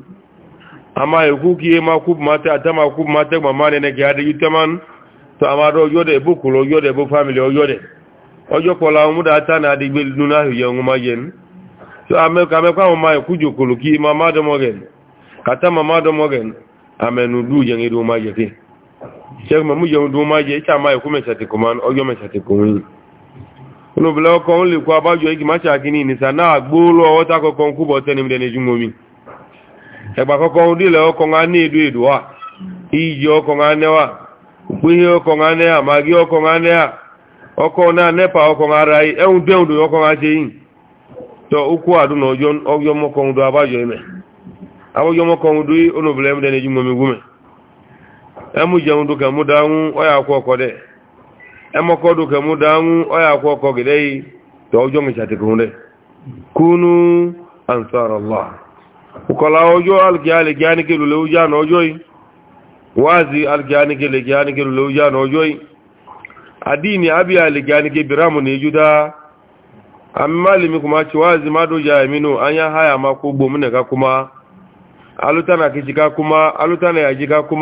ama eku ki ma ku mate atama ku mate ma mane ne ga de yutaman to amado yode bukulo yode ojo kpola mu da tane adi gbe nuna yeungu ame ka me kwa ma ku jokolo kata ma mado mogen amenu du cheg ma muje du maje chamayo kume chati kuman ojo mechati kuwi unu bile oko onli kwa bajo gi macha gini ni sana agbulu owotako kon kubo te ni mde ni jungo mi egba koko dile oko ngane edu edu wa iji oko ngane wa upuhi oko ngane ya magi oko ngane ya oko na nepa oko ngarai e unde undu oko ngase in to uku adu no ojo ojo mo kon du abajo ime abo ojo mo kon du unu bile mde ni jungo mi gume ẹmú jẹun dókẹ mú dáhùn ọyà akọ ọkọ dẹ ẹmọkọ dókẹ mú dáhùn ọyà akọ ọkọ gẹ̀dẹ́ yìí tọ́ ọjọ́ mi ṣàtìkùn dẹ kúnú ansarallah kọlá ọjọ́ alìkíáníkì lulẹ̀ ojá náà ọjọ́ yìí wáàzí alìkíáníkì lulẹ̀ ojá náà ọjọ́ yìí àdínì àbí alìkíáníkì bìrámù ní júdá àmì máàlìmí kùmá tí wáàzí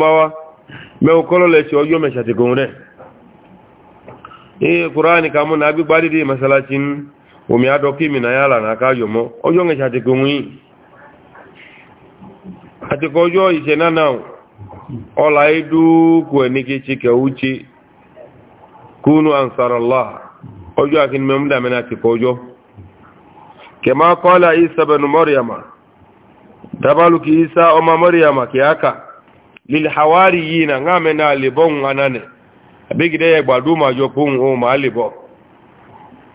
má mɛ o kɔlɔ lɛ tsi ɔyɔ mɛ tsati kɔn dɛ eye kurani kamu na agbe gbadi di masalasi nu omi adɔ kimi na yala na ka yɔmɔ ɔyɔ mɛ tsati kɔn yi ati kɔyɔ ise nana o ɔla yi du ko enike tsi kɛ utsi kunu ansarala ɔyɔ akini mɛ mu dame na ti kɔyɔ kɛmɛ akɔla isa bɛ nu mɔriama dabalu ki isa ɔma mɔriama kì í aka lilhawariyina nga mena alibon anane abigide ya gbaduma jokun o ma alibo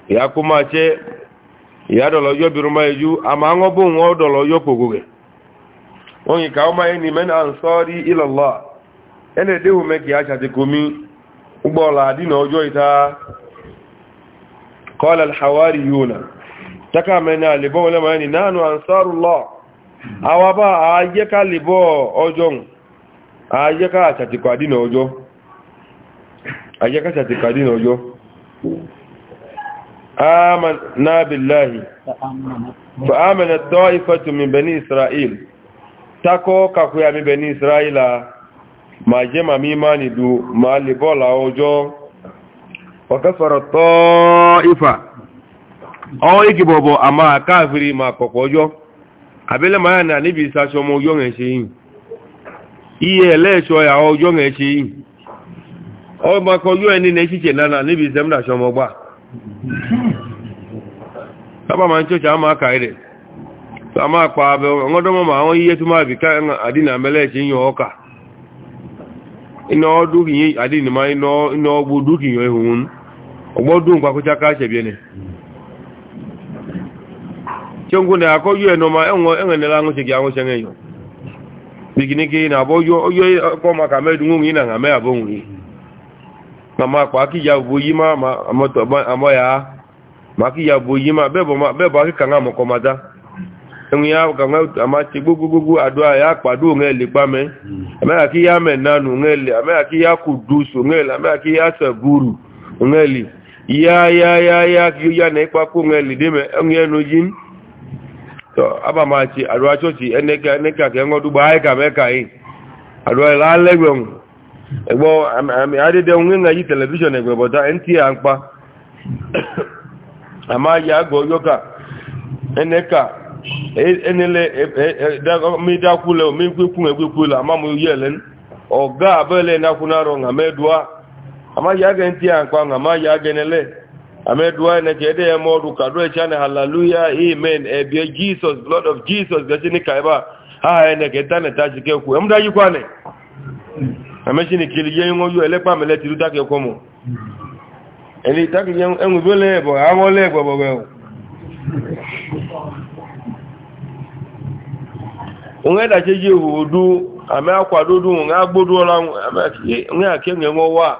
ya kuma che ya dolo yo biruma eju ama ngo bu ngo dolo yo pogoge onyi ka ma ni men ansari ila allah ene de hume ki acha de komi ugbola adina ojo ita qala alhawariyuna taka mena alibon lema ni nanu ansarullah awaba ayeka libo ojon ayẹ́ká àṣàtìkọ̀ àdínà ọjọ́ ayẹ́ká àṣàtìkọ̀ àdínà ọjọ́ na billahi fa'amina ta'ifatu min bani isra'il takọ́ kakuya mi bani isra'ila ma jẹ́ ma mi ma ni du ma lè bọ́la ọjọ́ ọ̀kẹ́fẹ̀rẹ̀ ta'ifa ọ ikibọ̀bọ̀ a ma káàfiri ma kọ̀kọ̀ ọjọ́ abẹ́lẹ̀ ma yà ní àníbi ìsáṣọmọ ọjọ́ rẹ̀ ṣe yìí iye ẹlẹ́ẹ̀ṣọ́ ìyàwó ọjọ́ rẹ̀ ṣe yìí ọmọ akọjú ẹni ní ṣíṣe nánà níbi ìsẹ́mìnà ṣọmọ gbà sábà máa ń ṣọ́ṣà á kàí rẹ̀ a máa pa abẹ ma àwọn iye tó máa bì ká àdínà mẹ́lẹ́ṣe yàn ọkà iná dúkìyàn àdínà máa ṣe ń gún ní akọ́jú ẹ̀nà ọmọ ẹ̀wọ̀n ẹ̀rẹ̀nẹ́lá biginike na abo yo yo ko ma ka medu ngungi na ngame abo ngungi mama kwa ki ya bo yima ma amoto amo ya ma ki ya bo yima bebo ma bebo ki kanga mo komada ngi ya ka nga ama ti gugugugu adua ya padu nge le pa me ama ki ya me nanu nge le ama ki ya kudusu nge le ama ki ya saburu nge le ya ya ya ya ki ya ne pa ku nge le de me ngi no jin aba ma ci aduwa coci eneka eneka ke ngo duba ai ka me kai aduwa la legwe egbo ami ade de un na yi television egbe bota enti anpa ama ya go yoka eneka e, enele e, e, da mi da kule mi ku ku egbe la ama mu yelen oga abele na kunaro nga medua ama ya ga enti anpa nga ma ya genele ameduwa na jede ya modu kadwe chane hallelujah amen ebie jesus blood of jesus gasini kaiba ha ene ketane tajike ku emda yikwane ameshini kilije ngoju elepa mele tiru take komo eli take yen enwu bele bo awole bo bo bo onwe da cheji odu ame akwadodu nga gbodu ola nwe akenwe nwa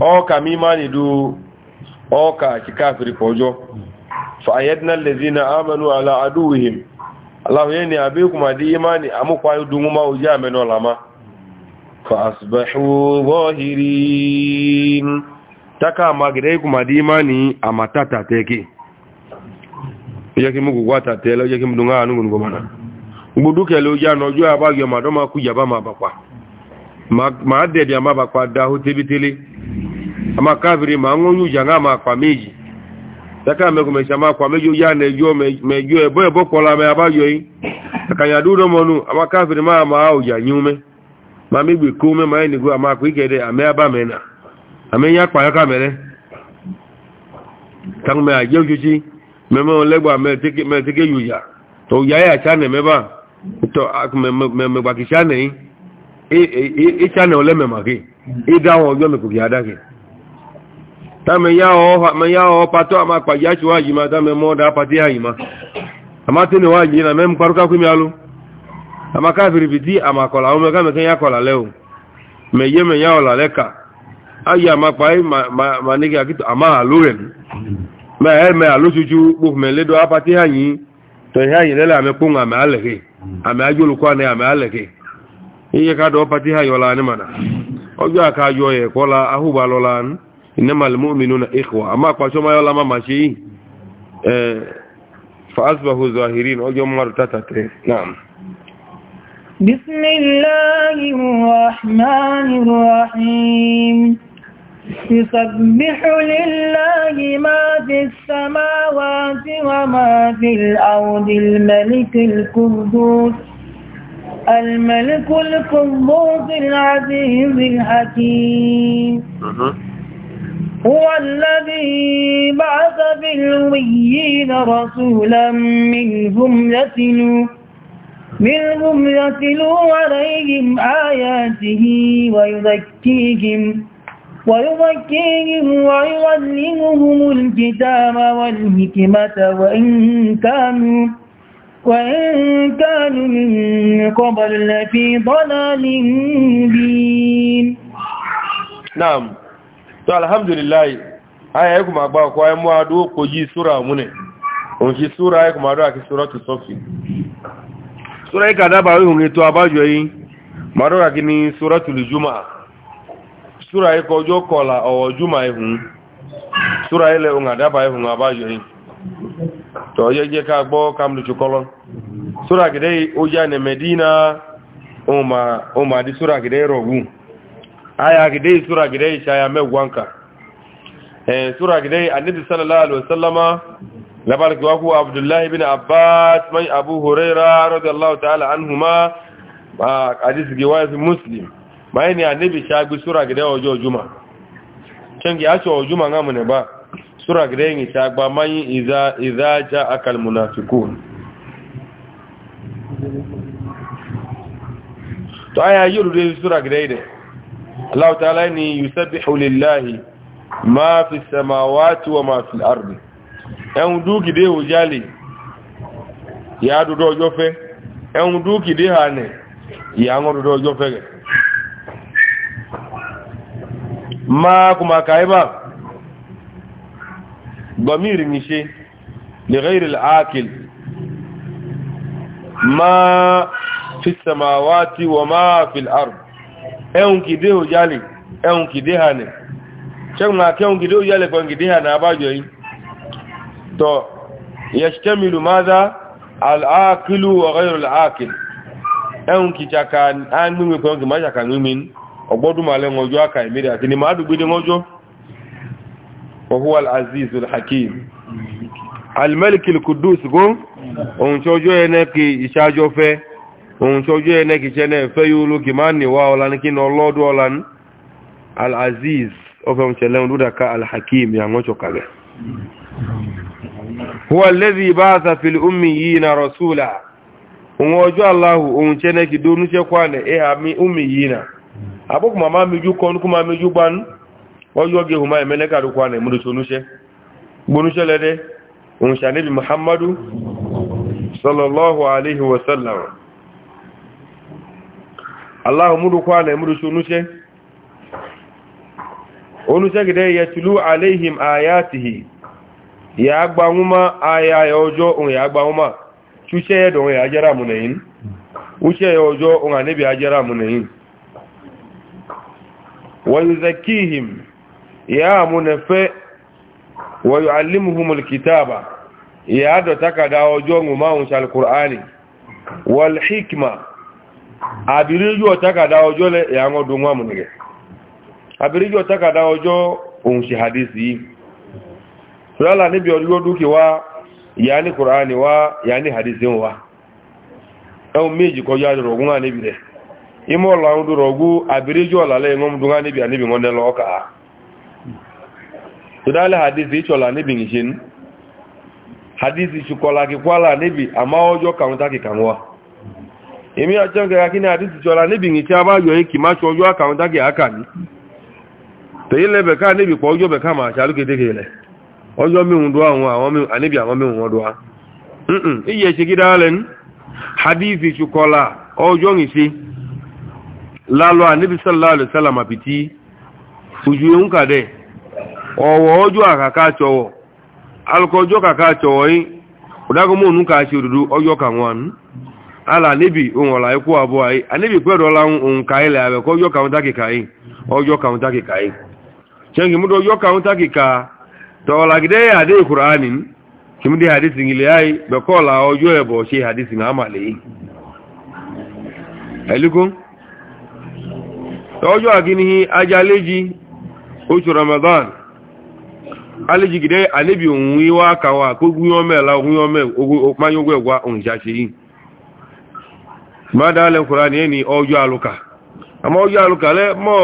ọka mimani do ọka ki kafiri fojo fa ayyadna allazina amanu ala aduwihim allah yani abikum adi imani amukwa dunguma uja meno lama fa asbahu zahirin taka magire kuma di imani amatata teke yake mugu gwata ama kafiri ma ŋun yu janga ma akpa meji saka me ko me sama akpa meji ya ne yo me me yo e boye bo kola me aba yo yi saka ya du monu ama kafiri ma ma o ya nyume ma mi gbe ma ni go ama ku kede ame aba me na ame ya pa ya ka me ne tang me aje ojuji me me legba me tike me tike yu ya to ya ya cha ne me ba to ak me me me ba e e e cha ole me ma e da won yo me ku ya da tame yao ma yao pato ama kwa yachi waji madame moda patia ima ama tene waji na mem kwaruka kwimi alu ama kafiri biti ama kola ume kama kenya kola leo me yeme yao la leka aya ma kwa ma, ma, ma nige akitu ama aluren me me alu chuchu bu me ledo apatia yin to yayi lele amepunga ame alege ame ajulu kwa ame alege iye ka do patia yola ne mana ojo aka kola ahuba lolan إنما المؤمنون إخوة أما شو ما يلا ما ماشي آه، فأصبحوا ظاهرين أجل مرتتت نعم بسم الله الرحمن الرحيم يسبح لله ما في السماوات وما في الأرض الملك القدوس الملك القدوس العزيز الحكيم هو الذي بعث في الأميين رسولا منهم يتلو منهم يتلو عليهم آياته ويذكيهم ويزكيهم ويعلمهم الكتاب والحكمة وإن كانوا وإن كانوا من قبل لفي ضلال مبين نعم to alhamdulillah aya ku ma gba ko ay mu adu ko ji sura mune on ji sura ay ku ma adu aki suratu safi sura ka da ba wi to abajo yi ma adu aki ni suratul jumaa sura ay ko jo kola o jumaa yi hun sura ile on ada ba yi hun abajo yi to je je ka gbo kam lu chukolon sura medina o ma o ma di aya gidai sura gidai shaya mai wanka eh sura gidai annabi sallallahu alaihi wasallama labarki wa ku abdullah ibn abbas mai abu huraira radiyallahu ta'ala anhuma hadisi giwa fi muslim mai ne annabi shagi sura gidai ojo juma can acho aso juma ngamu ne ba sura gidai ni shagba mai iza iza ja akal munafiqun to aya yuru dai sura gidai ne Allah ta'ala ni yusabbihu lillahi ma fi samawati wa ma fi al-ardi en duki de ujali ya du do jo fe en duki de hane ya ngo do jo ma kuma kaiba ضمير نشي لغير العاقل ما في السماوات وما في الارض ẹun kìdé òjálè ẹun kìdé hànì ṣẹ́gun àti ẹun kìdé òjálè kan kìdé hànì àbájọ yìí tọ yẹ̀ṣẹ́mìlù máza al'ákìlú ọ̀rẹ́rẹ̀ al'ákìlú ẹun kìchaka ánúwé kan kì máa ṣàkà mímí ọgbọ́dúnmàlẹ́ ọjọ́ àkà ìmẹ́rẹ̀ àti ohun tọ́jú ẹ̀ nẹ́kìṣẹ́ náà fẹ́ yóò lókè máa níwá ọlá ní kí ní ọlọ́dún ọlá ní al-aziz ọfẹ́m al-hakim yàwọn wọ́n lẹ́zí bá sàfil umi na rasúlà ohun ọjọ́ aláhù ohun tẹ́ nẹ́kì dónúṣẹ́ kwánẹ̀ ẹ̀ àmì umi na àbúkù màmá mejú kọ́ Allah mudu kwana mudu shunushe onushe gide ya tulu alaihim ayatihi ya agba nwuma aya ya ojo on ya agba nwuma chushe ya don ya ajara mu nayin uche ya ojo on anabi ajara mu wa yuzakkihim ya munafe wa yuallimuhum alkitaba ya do takada ojo nwuma on shal qur'ani wal hikma abiriju e ọ̀tákàdá ọjọ́ lẹ ẹ̀yàwó dùn wọn múnigẹ̀ abiriju ọ̀tákàdá ọjọ́ òun ṣe hadisi yìí ṣùlọ́lá níbi ọdún dúkì wá ìyá ní kùránì wá ìyá ní hadisi wá ẹun méjì kọjá rọ̀gún wà níbi rẹ̀ imọ́ ọ̀làun dùn rọ̀gún abiriju ọ̀làlẹ́ ìwọ̀n dùn wá níbi àníbi hadisi ìṣọ̀là níbi ìṣẹ́ni hadisi ìṣùkọ̀lá kíkwálà níbi àmáwọ́jọ́ kàwọn tákì kàwọn wa èmi àjọ gẹ̀rẹ́ kí ní àdíjì jọra níbi ìyìn tí a bá yọ ikì máa ṣe ọjọ́ àkàrùn dágẹ̀ àkà ní tèyí lẹ́bẹ̀ ká níbi pọ̀ ọjọ́ bẹ̀ ká máa ṣàlú rẹ̀ ọjọ́ mìíràn dọ́ àwọn iye ṣe hadithi ṣukọ́lá ọjọ́ ìṣe lálọ́ àníbi sallallahu alaihi wasallam àpìtì ojú ohun kàdẹ̀ ọ̀wọ̀ ọjọ́ àkàkà àtọwọ̀ alùkọjọ́ kàkà àtọwọ̀ yìí ọ̀dágọ́mọ̀ ala anibi onwala ikwu abụọ anyị anibi kwerola nka anyị la abe ka ọjọọ kaụnta kịka anyị ọjọọ kaụnta kịka anyị chengi mụdụ ọjọọ kaụnta kịka tọọlagide ya adịghị kwuru anyị kimdi hadisi ngile anyị bekọla ọjọọ ebe ọchị hadisi na amali eliko ọjọọ aginihi aja aleji otu ramadan alejigide anibi onwunwe iwe aka wa ka ogunye omela ogunye ome okpanye ogwe gwa onyichachi ma dalẹ̀ kùránì ẹni ọjọ́ alùkà àmọ́ ọjọ́ alùkà lẹ́ mọ́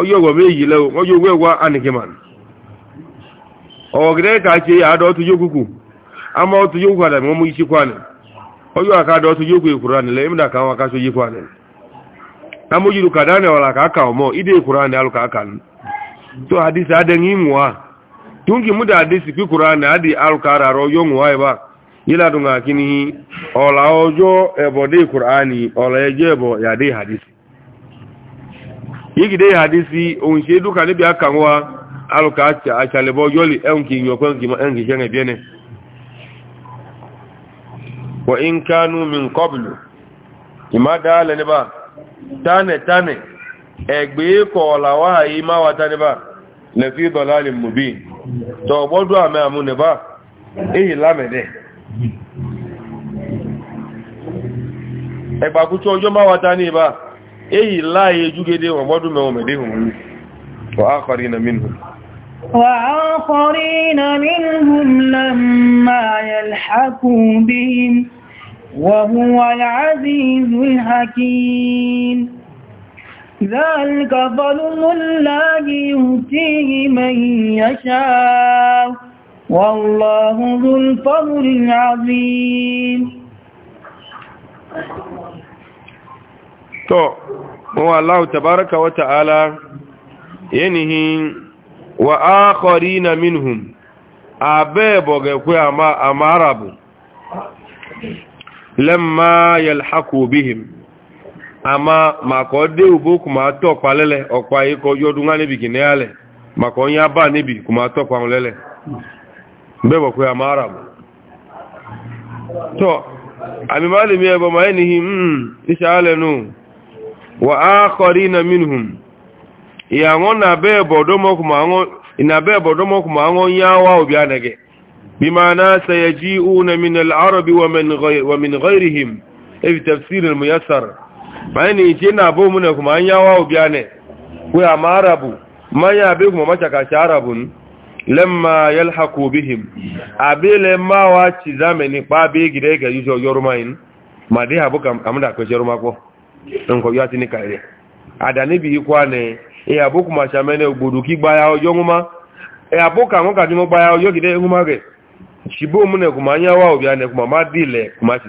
ọjọ́ ọgbọ̀ méjì lẹ́wọ́ ọjọ́ owó ẹwà anìkìmàn ọ̀gẹ̀dẹ̀ kàṣe àádọ́ ọtúnjó kúkú àmọ́ ọtúnjó kúkú àdàmì wọn mú iṣẹ́ kwánì ọjọ́ àkádọ́ ọtúnjó kúkú ìkùránì lẹ́ ìmìnà káwọn akáṣọ yí kwánì amójúlù kàdánì ọ̀là kàkà ọmọ ìdè ìkùránì alùkàkà tó àdìsí adẹ́yìn ìmùwà túnkì múdà àdìsí pí kùránì àdì alùkàrà rọ yóò yila dunga kini ola ojo ebo de qur'ani ola eje ebo ya de hadisi yigi de hadisi on se duka ni bi akanwa aluka acha lebo yoli enki nyoko enki enki jenge biene wa in kanu min qablu imada le ne ba tane tane egbe ko ola wa yi ma wa tane ba le fi dalalin mubin to bodu ame amu ne ba eyi lamede ẹgbàkútọ ọjọ́ máa wata ní ìbá èyí láàyè júgede wọn mọ́dún mẹ́wọ̀n mẹ́dẹ́hùn wọ́n á kọrí na mínú ذلك ظلم الله يؤتيه من يشاء والله ذو الفضل العظيم to wa Allah tabaraka wa ta'ala yanihi wa akharina minhum abebo ga ku ama amarabu lamma yalhaqu bihim ama makode uboku ma to palele opa iko yodun ale bigine ale makon ya ba nibi kuma to pa lele bẹ́bọ̀ pé a máa ràbù tọ́ àmì máa lè mi ẹbọ máa ní hì mún iṣẹ́ alẹ́nu wà á kọrí na mínhùn ìyàwọn ìnàbẹ́ẹ̀bọ̀dọ́mọ́kùnmọ̀ àwọn yáwá òbí anẹ́gẹ̀ bí máa náà sẹyẹ jí únà mínal arabi wa min ghairihim ebi tafsirin mu yassar bayan ni ce na abu mune lemma yalhaqu bihim abele ma wa ci zamani pa be gide ga yujo yorumain ma dai abu kam amda ko joruma ko don ko yati ni kare adani bi kwa ne e abu kuma shamene ogbodu ki gbaya ojo nguma e abu kam ka ni mo gbaya ojo gide nguma ge shibo mune kuma nya wa obi ane kuma ma dile kuma ci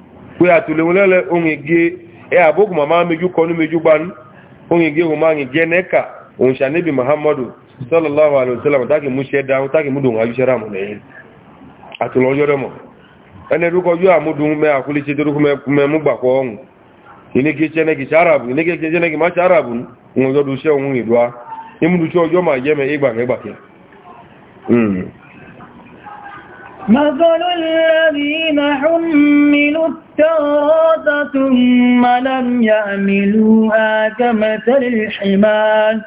kwe atule nwelele onwe gị e a bụ mama meju kọnụ meju gbanụ onwe ege nwụma anyị gị neka onwụcha nebi muhammadu sallallahu alaihi wasallam taki mu she da taki mu don ayu shara mu ne atule oyore mo ene ru ko yo amudu me akuli che ma sharabu ngo do du she onwe ma ke مثل الذين حملوا التوراة ثم لم يعملوها كمثل الحمار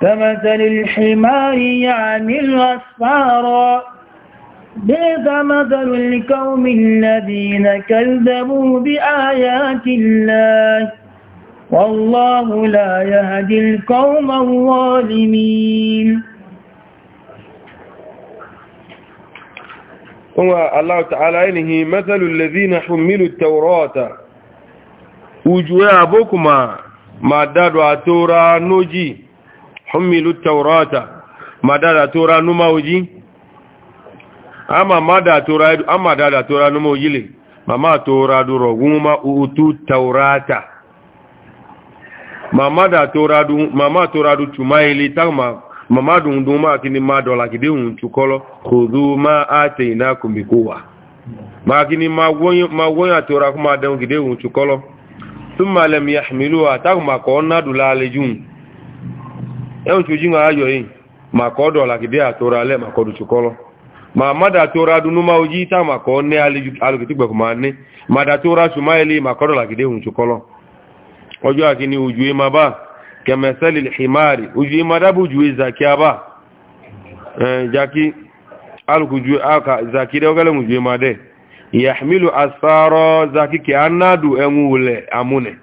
كمثل الحمار يعمل يعني أسفارا بئس مثل القوم الذين كذبوا بآيات الله والله لا يهدي القوم الظالمين kuma Allah ta'ala yanihi matsalul lazina hummilu taurata ujuwa abu kuma ma dadu a tora noji hummilu taurata ma dadu a tora numa oji ama ma da tora edu ama dadu a tora numa oji le ma ma duro guma utu taurata ma da tora du ma ma du tumaili ta mama dun dun ma kini ma dɔ la kide hun tukɔlɔ ma a te ina kunbi ko wa ma kini ma wɔnyɔ ma wɔnyɔ a tora kuma dɛn kide hun tukɔlɔ tuma lɛm yahmilu a ta kuma kɔ na du la ale jun ɛn e tu jin ka ayɔ ye ma kɔ dɔ la kide a tora ma kɔ du tukɔlɔ ma ma tora dunu ma o ta ma kɔ ne ale ju kiti gbɛ kuma ne ma tora suma ma kɔ dɔ la kide hun tukɔlɔ ɔjɔ a kini ma ba kẹmẹsẹ́lì himari ojú imadabu ju ìzàkí abá jaki alùkùjú aka zaki rẹ̀ ọgẹ́lẹ̀mù ju imadẹ́ yàmílù asárọ̀ zaki kí a nádù ẹ̀wọ̀n ulẹ̀ amúnẹ̀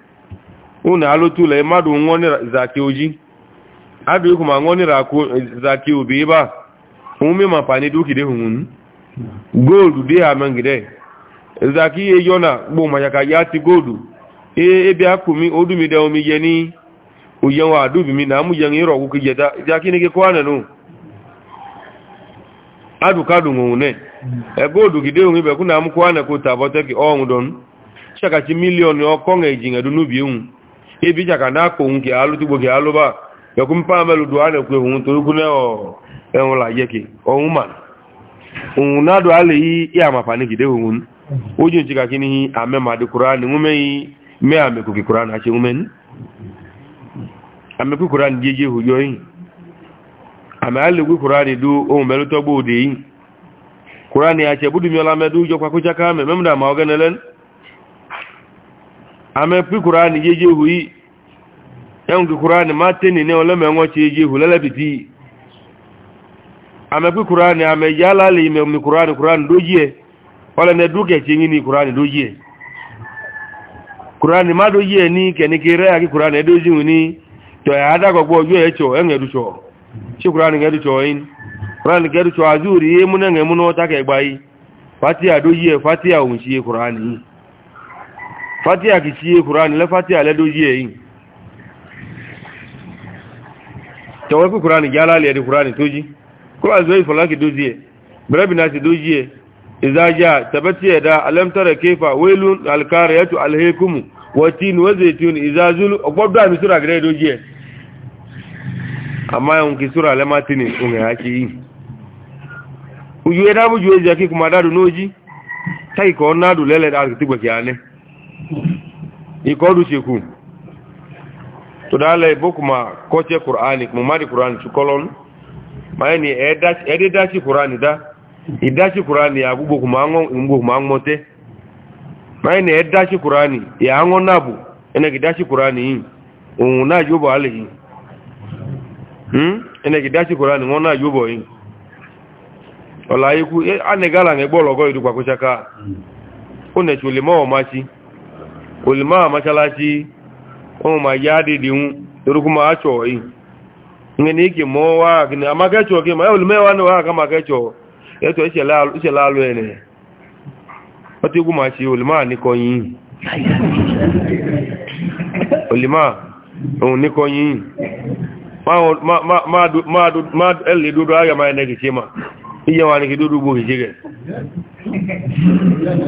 una alótúlẹ̀ imadu wọ́n ní zaki ojí adù ikùnmà wọ́n ní zaki òbí ibá hun mímọ̀ pàní dúkìdé hun góòlù dé àmẹ́gidẹ́ zaki yẹ yọ́nà gbọ́n mayaka yá ti góòlù ebi akùnmi odúmidẹ omi yẹ ní uyan wa dubi mi na mu yan iro ku kije da ja kini ke kwana nu adu ka mm. du ngune e go du gide un be ku na mu kwana ku ta bote ki on don shaka ti million o ko jinga du nubi un e bi jaka na ko un ki alu ti bo ki alu o e la ye ki o un ma un ya ma pa ni gide un ojú ìjìká kí ní àmẹ́màdé kúránì ń mẹ́yìn mẹ́ àmẹ́kòkè àti ń amekwi kuran jeje hujo yin ame alegwi kurani du ohun melu togbo ode yin kurani ache budu miola medu ujo kwa kuchaka ame memda ma ogenelen amekwi kurani jeje huyi ẹ̀hùn kìkúrá ni máa tẹ́ nìní ọlọ́mẹ̀wọ́n ṣe yé hù lẹ́lẹ́bìtì àmẹ́kìkúrá ni àmẹ́yà lálẹ́ ìmẹ̀mí kúrá ni kúrá ni lójí ẹ̀ ọlọ́ni ẹ̀dúkẹ̀ ṣe yín ni kúrá ni lójí ẹ̀ kúrá ni má lójí ẹ̀ ní kẹ̀níkẹ́ rẹ́ àkíkúrá ni ẹ̀dójú ní ya adagagwa ojú ẹ̀ chọ ẹ̀ ngẹ̀dùchọ̀ ṣe kùránì ngẹ̀dùchọ̀ yìí kùránì ngẹ̀dùchọ̀ azúrì yé múnà ngẹ̀ múnà ọ̀tá kẹgbà yìí fatia dójí ẹ̀ fatia òun ṣe kùránì yìí fatia kì ṣe kùránì lẹ́ fatia lẹ́ dójí ẹ̀ yìí tọ̀wọ́ pé kùránì jẹ́ alálẹ̀ ẹ̀dì kùránì tó jí kó àzọ ìfọ̀láki dójí ẹ̀ bẹ̀rẹ̀bìnà ti dójí ẹ̀ ìzájá tàbẹ́tì ẹ̀dá alẹ́mtọ́rẹ̀ kéfà wẹ́lú alkàrẹ̀ ẹ̀tù alhẹ́kùmù wọ́tí ni wọ́n zẹ̀ tí ìzázúlù ọgbọ́dọ̀ àmì sórí àgẹ́rẹ́ dójí ẹ̀ amma yawon ki sura alamati ne unga yaki yi ujuwe da bujuwe jaki kuma dadu noji ta iko nadu lele da arzikin gbaki ane iko du sheku to da ala ibo kuma koce kur'ani kuma mari kur'ani su kolon ma yi ne ede dashi kur'ani ya gbogbo kuma an mote ma yi ne ede ya an wọn nabu ina gidashi kur'ani yi ohun ene gị dachi koran nwụọ na yobo yi ọla a na-egala na egbe ọlọgọ irukwa kwụchaka ụnechi olima ọmachi olima amachalachi ụmụ ma ya adịdị nwu torukwu ma achọ yi nwere na ike ma ọwa gị na amaka ma ya olima alụ ene egwu mawo ma ma ma du ma du ma elle dudu aga may nek ci ma iya wani ki dudu bu ci jige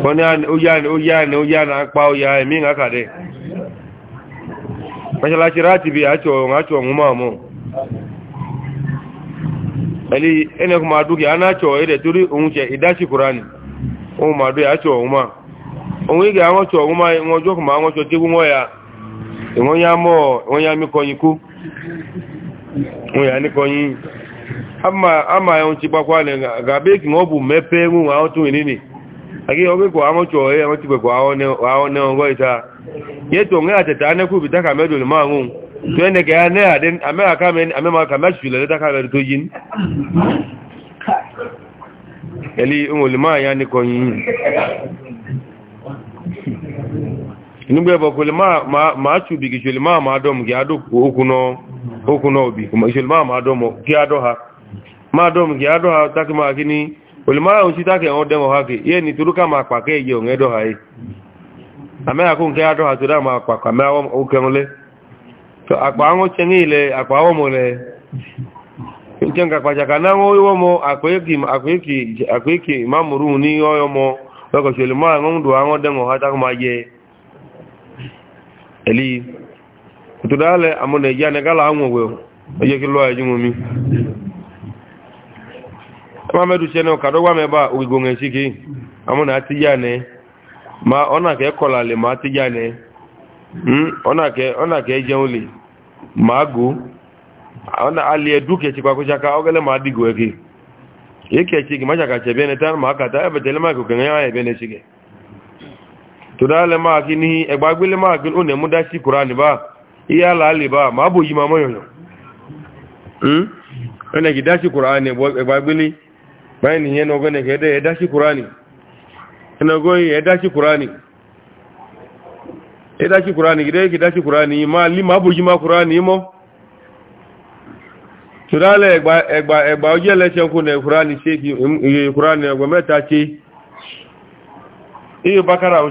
koni an u jani u jani u jani ak paw ya mi nga ka de ma la ci rati bi acho nga acho mu ma mo ali ene ko ma du ki ana acho ide turi un che idashi qurani o ma du acho mu ma o wi ga acho mu ma ngo jo ko ma ngo cho ti bu ngo ya ngo ya mo ngo ya mi ko ni ku ya nịkọ onye ama ya nwụchi gbakwa ga-abịa eki ọ bụ mepe enwu nwe ahụtụ nwenini agị oge kwa ahụchụ ọhịa nwechikwe kwa ahụ ne ngọ ita ye to nwe acheta a na-ekwubita bi medụl ma anwụ to ene ka ya ne adị ameghaka amemaka mechụchụla leta ka mere to yin eli ya nịkọ onye inugbe bụ kulima ma ma adọm gị adụ boku no bi kuma ishe ma ma domo ki ado ha ma domo ki ado ha taki ma gini oli ma o si taki on demo ha ki ye ni turuka ma pa ke ye on edo ha e ame aku ke ado ha tura ma pa ka me o ke mole to akwa ngo chenge ile akwa o mole nchenga kwa jaka na ngo iwo mo akwe ki akwe ki akwe ki ma muru ni oyo mo ko ko shele ma ngo ndu ha ngo demo ha taki ma ye eli òtòdó alẹ́ àmọ́nà gala nẹgálà àwọn òwẹ̀ ọjẹ́ kí lọ́wọ́ ẹjú omi ẹmà mẹ́dù ṣẹ́ náà kàdọ́gbà mẹ́bà ògbìgbò rẹ̀ sí kí àmọ́nà àti yà ma ọ́nàkẹ́ kọlà lè máa ti yà nẹ́ ọ́nàkẹ́ jẹun lè ali gò alẹ́ dúkẹ̀ ogele ma ọgẹ́lẹ́ máa dìgò ẹ̀kẹ́ yíkẹ̀ ti kì máa ṣàkàṣẹ̀ bẹ́ẹ̀ ma máa kàtà ẹ̀bẹ̀tẹ̀lẹ́ máa kòkè rẹ̀ ẹ̀bẹ̀ nẹ́ iya laali ba ma bo yi ma mo yoyo hmm ene gi dashi qur'ani bo e babili bayin yen no gone ke de e dashi qur'ani ene go yi e dashi qur'ani e dashi qur'ani gi ma li ma bo yi ma qur'ani mo turale egba egba egba oje le e e iyo bakara o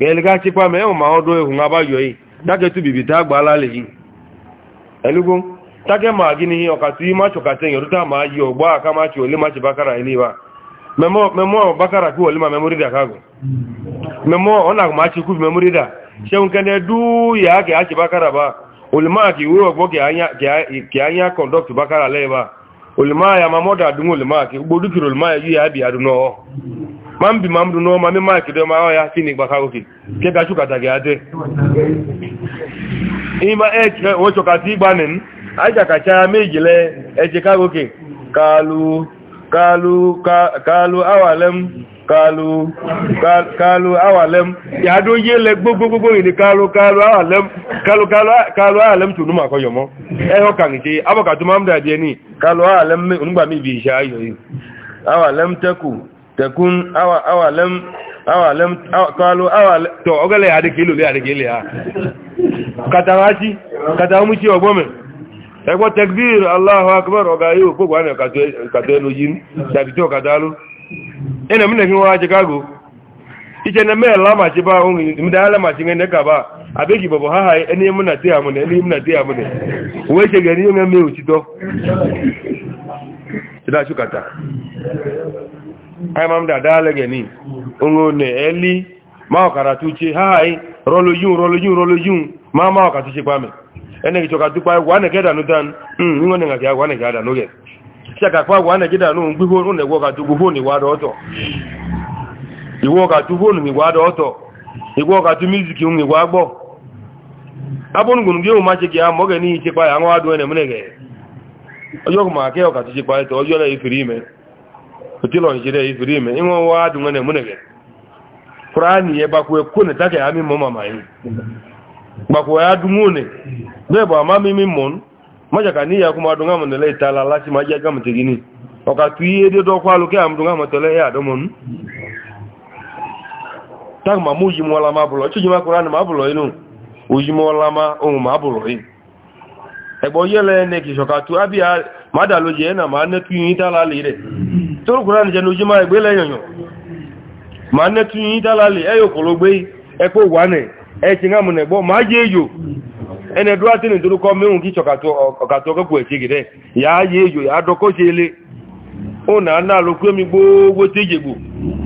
ga chekwa ma enwe ma ọ dụ ihu na agbayo yi e. taket bibita agbalali e. elugo take ma gị n'ihe ọkatụ ime achọkata enyo rụta ma yi ọgba aka machi ole machi bakara eliwa memo bakara kí wọlé ma memori da memo ọ̀nà àgbàmáchi kú memori da ṣeun kẹ́nẹ̀ dúúyà kẹ́ àti bakara ba olùmáàkì ìwé ọgbọ́ kẹ́ anya conduct bakara lẹ́yìn ba olùmáàyà ma mọ́dà dún olùmáàkì gbódúkìrì olùmáàyà yíya bí ma m bi ma m rụ n'ọma me mak dị ọma ọhịa kini gbaka oke nke ka chụkata gị adị ịma eke ochọkata ịgba nị aja kacha ya ma ejile ejeka oke kalu kalu kalu awalem kalu kalu awalem ya do ye le gbogbo gbogbo ni kalu kalu awalem kalu kalu kalu awalem tunu ma ko yomo e ho kan ti abokatu ma mda die ni kalu awalem me ngba mi bi sha ayo yi awalem teku takun awa awa lam awa lam qalu awa to ogale ade kilo le ade kilo ha katawaji katamuchi ogome ego takbir allahu akbar ogayo gbogbo ana kato kato no yin dabi to kadalu ene mne kin wa chicago ije na me la ma chiba un mi da la ma ba abegi bobo ha ha na na me ai mam da dalege ni ongo ne eli ma kara tuche hai rolo yu rolo yu rolo yu ma ma ka tuche pa me ene ki toka tupa wa ne keda no dan hm ngo ne ga ya wa ne ga da no ge sha ka kwa wa ne keda no ngi ho ne wo ka tu ho ni wa do to i wo ka tu ho ni wa do to i wo ka tu music ngi wa gbo abon gun ge o ma che ki a mo ge ni che pa ya ngo adu ene mne ge ojo ma ke o ka tuche pa to ojo le ifri me ko tilo ji re firi me in won wa du ngane munege qur'ani ye ba ko e kun ta ke ami moma mai ba ko ya du ngune be ba ma mi mon ma ja kan ya kuma du ngam ne le ta la la ma ja gam te gini o ka tu ye de do kwa lu ke am du ngam te le ya do mon ta ma mu ji mo la ma bulo ti ji ma qur'ani ma bulo inu o ji mo la ma o ma bulo yi e bo ye le ne ki so ka tu abi ma lo je na ma ne tun yi ta la le re to qur'an je no je ma gbe le yan ma ne tun yi ta la le e yo ko lo gbe e ko wa ne e ti ne bo ma je yo ene do atin duru ko meun ki choka to oka to ko e ti ya ye yo ya do ko le o na na lo ko mi gbogbo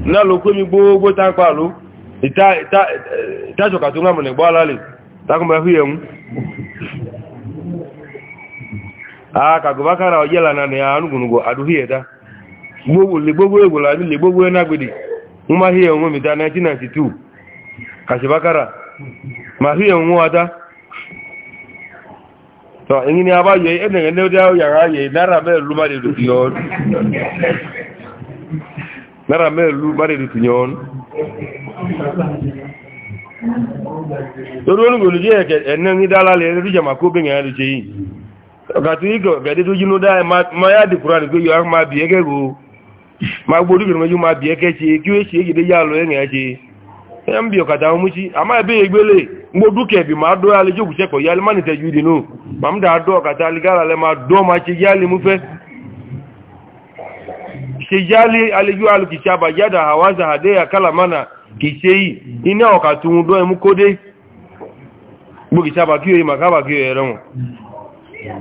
na lo ko mi ta pa lo ita ita ta choka to ne a ah, ka gobakara ojela na ya anugunugo aduhieda gbogbo le gbogbo egbola ni le gbogbo enagbede n ma hie onwe mi da 1992 kashibakara ma hie onwe ada tọ èyí ni a bá yẹ ẹnìyàn ní ó dá yàrá yẹ náírà mẹ́rẹ̀lú má dẹ̀dù tì yọ́n náírà mẹ́rẹ̀lú má dẹ̀dù ọ̀gàtí ìgọ̀ gẹ̀dẹ́ tó jínú dáa ma yá dì kúrò àdìgbé yóò máa bí ẹgẹ́ gò ma gbódú gẹ̀rẹ̀ mẹ́jú ma bí ẹgẹ́ ṣe kí ó ṣe ègèdè yà lọ ẹ̀rìn ẹ̀ṣe ẹ̀ ń bí ọ̀kàtà ọmú sí àmá ẹ̀bẹ́ ìgbélé gbódú kẹ̀bì máa dọ́ alẹ́ jókòó sẹ́kọ̀ yálé má nìtẹ̀jú ìdìnnú màmú dáa dọ́ ọ̀kàtà aligara lẹ́ máa dọ́ máa ṣe yálé mú fẹ́ ṣe yálé alẹ́jú alùkìṣe àbàjáda àwázà wọn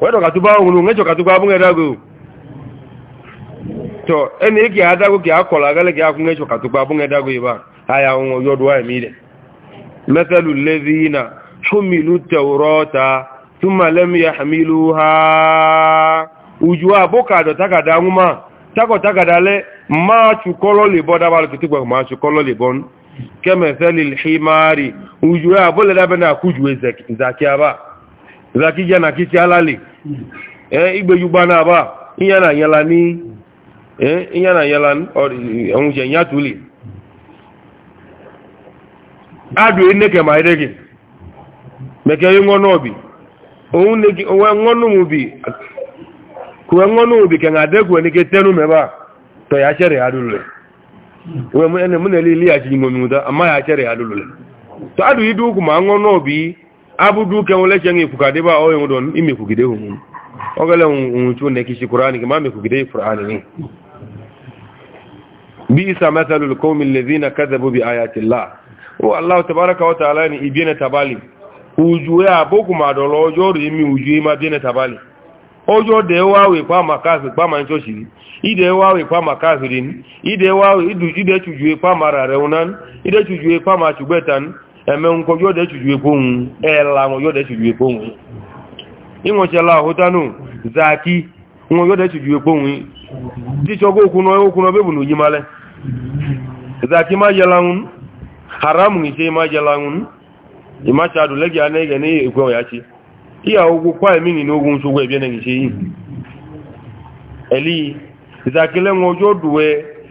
wedo katuba ngulu ngecho katuba bunge dago to eni ki adago ki akola gale ki akun ngecho katuba bunge dago iba haya on yodwa emide mathalu alladhina humilu at-taurata thumma lam yahmiluha ujua boka do takada nguma tako takada le ee eh, igbe jugba na aba ihe na anyala ni ee eh, ihe na anyala ọnwụche ya tuli adụ eneke ma ire gị meke ye ngọnụ obi onwe ngọnụ obi kuwe ngọnụ obi ke na adegwu eneke tenu meba to ya chere ya dulule onwe mụ na-ele ili ya chi ngomnuda ama ya chere ya dulule to adụ idu ukwu ma ngọnụ obi abudu kẹwọn lẹ́ṣẹ́ ní ìkùkàdé bá ọyọ̀ ọdún ìmẹ̀kùgidé ohun ọgọ́lẹ̀ ohun tí ó nẹ́kí sí kùránì máa mẹ́kùgidé ìfùránì ní bí isa mẹ́sàlù lùkọ́mí lèzínà kẹ́zẹ̀bó bí ayatollah ó aláwọ̀ tabali ujú ẹ àbókù màdọ̀lọ́ mi ujú ẹ tabali ọjọ́ dẹ̀ wáwẹ̀ pàmà káàsì pàmà ń ṣọ́ṣì rí ìdẹ̀ wáwẹ̀ pàmà káàsì rí ìdẹ̀ wáwẹ̀ ìdẹ̀ tùjú ẹ ẹ̀mẹ́ ń kọ yóò dẹ̀ ṣùjú ekóhun ẹ̀ẹ̀la e wọn yóò dẹ̀ ṣùjú ekóhun ìwọ̀n ṣe láàhótánù zaki wọn yóò dẹ̀ ṣùjú ekóhun tíṣọ́gbó okùnà okùnà bẹ́bù ní ojímalẹ̀ zaki má yẹ láhun haramu ìṣe má yẹ láhun ìmáṣàdù lẹ́gẹ̀ẹ́ anẹ́gẹ̀ ní èkó ọ̀yá ṣe ìyàwó kwá ẹ̀mí ní zaki lẹ́wọ̀n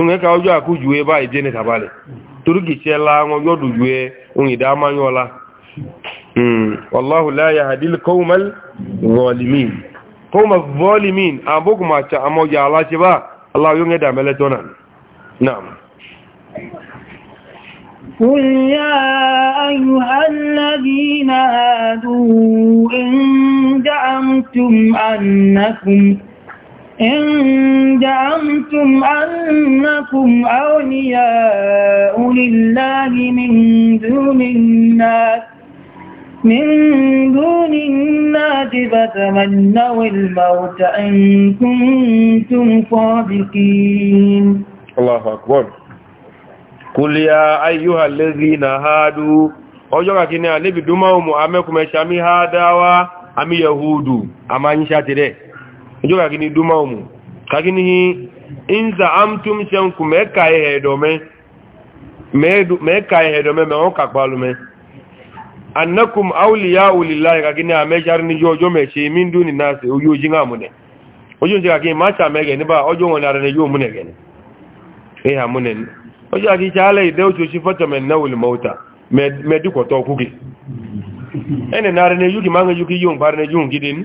onge ka ụjọ akụ juwe ebe a ijene kabali turkichiela nwụgị ọdụ juwe onye da ọla hmm, wallahu la yahdil qaumal zalimin qaumal zalimin ma cha ya ala chi ba allah yonge da mele tona na'am قل يا أيها الذين هادوا إن زعمتم أنكم إن زعمتم أنكم أولياء لله من دون الناس من دون الناس فتمنوا الموت إن كنتم صادقين الله أكبر قل يا أيها الذين هادوا ọjọ́ kìíní àníbì dúnmọ́ òmù شامي ha dáwà àmì أما a máa ń njoo kagini duma umu kagini hii inza amtu mchanku meka ehe dome meka ehe dome meoka kbalume annakum awliya ulillahi kagini amechari ni jojo meche mindu ni nasi uyu jinga mune ujo nji kagini macha mege ni ba ojo ngone arane juu mune gene ehe mune ojo kagini chale ideo chushifoto menna uli mauta meduko toku ki ene narane yuki manga yuki yung parane yung gidini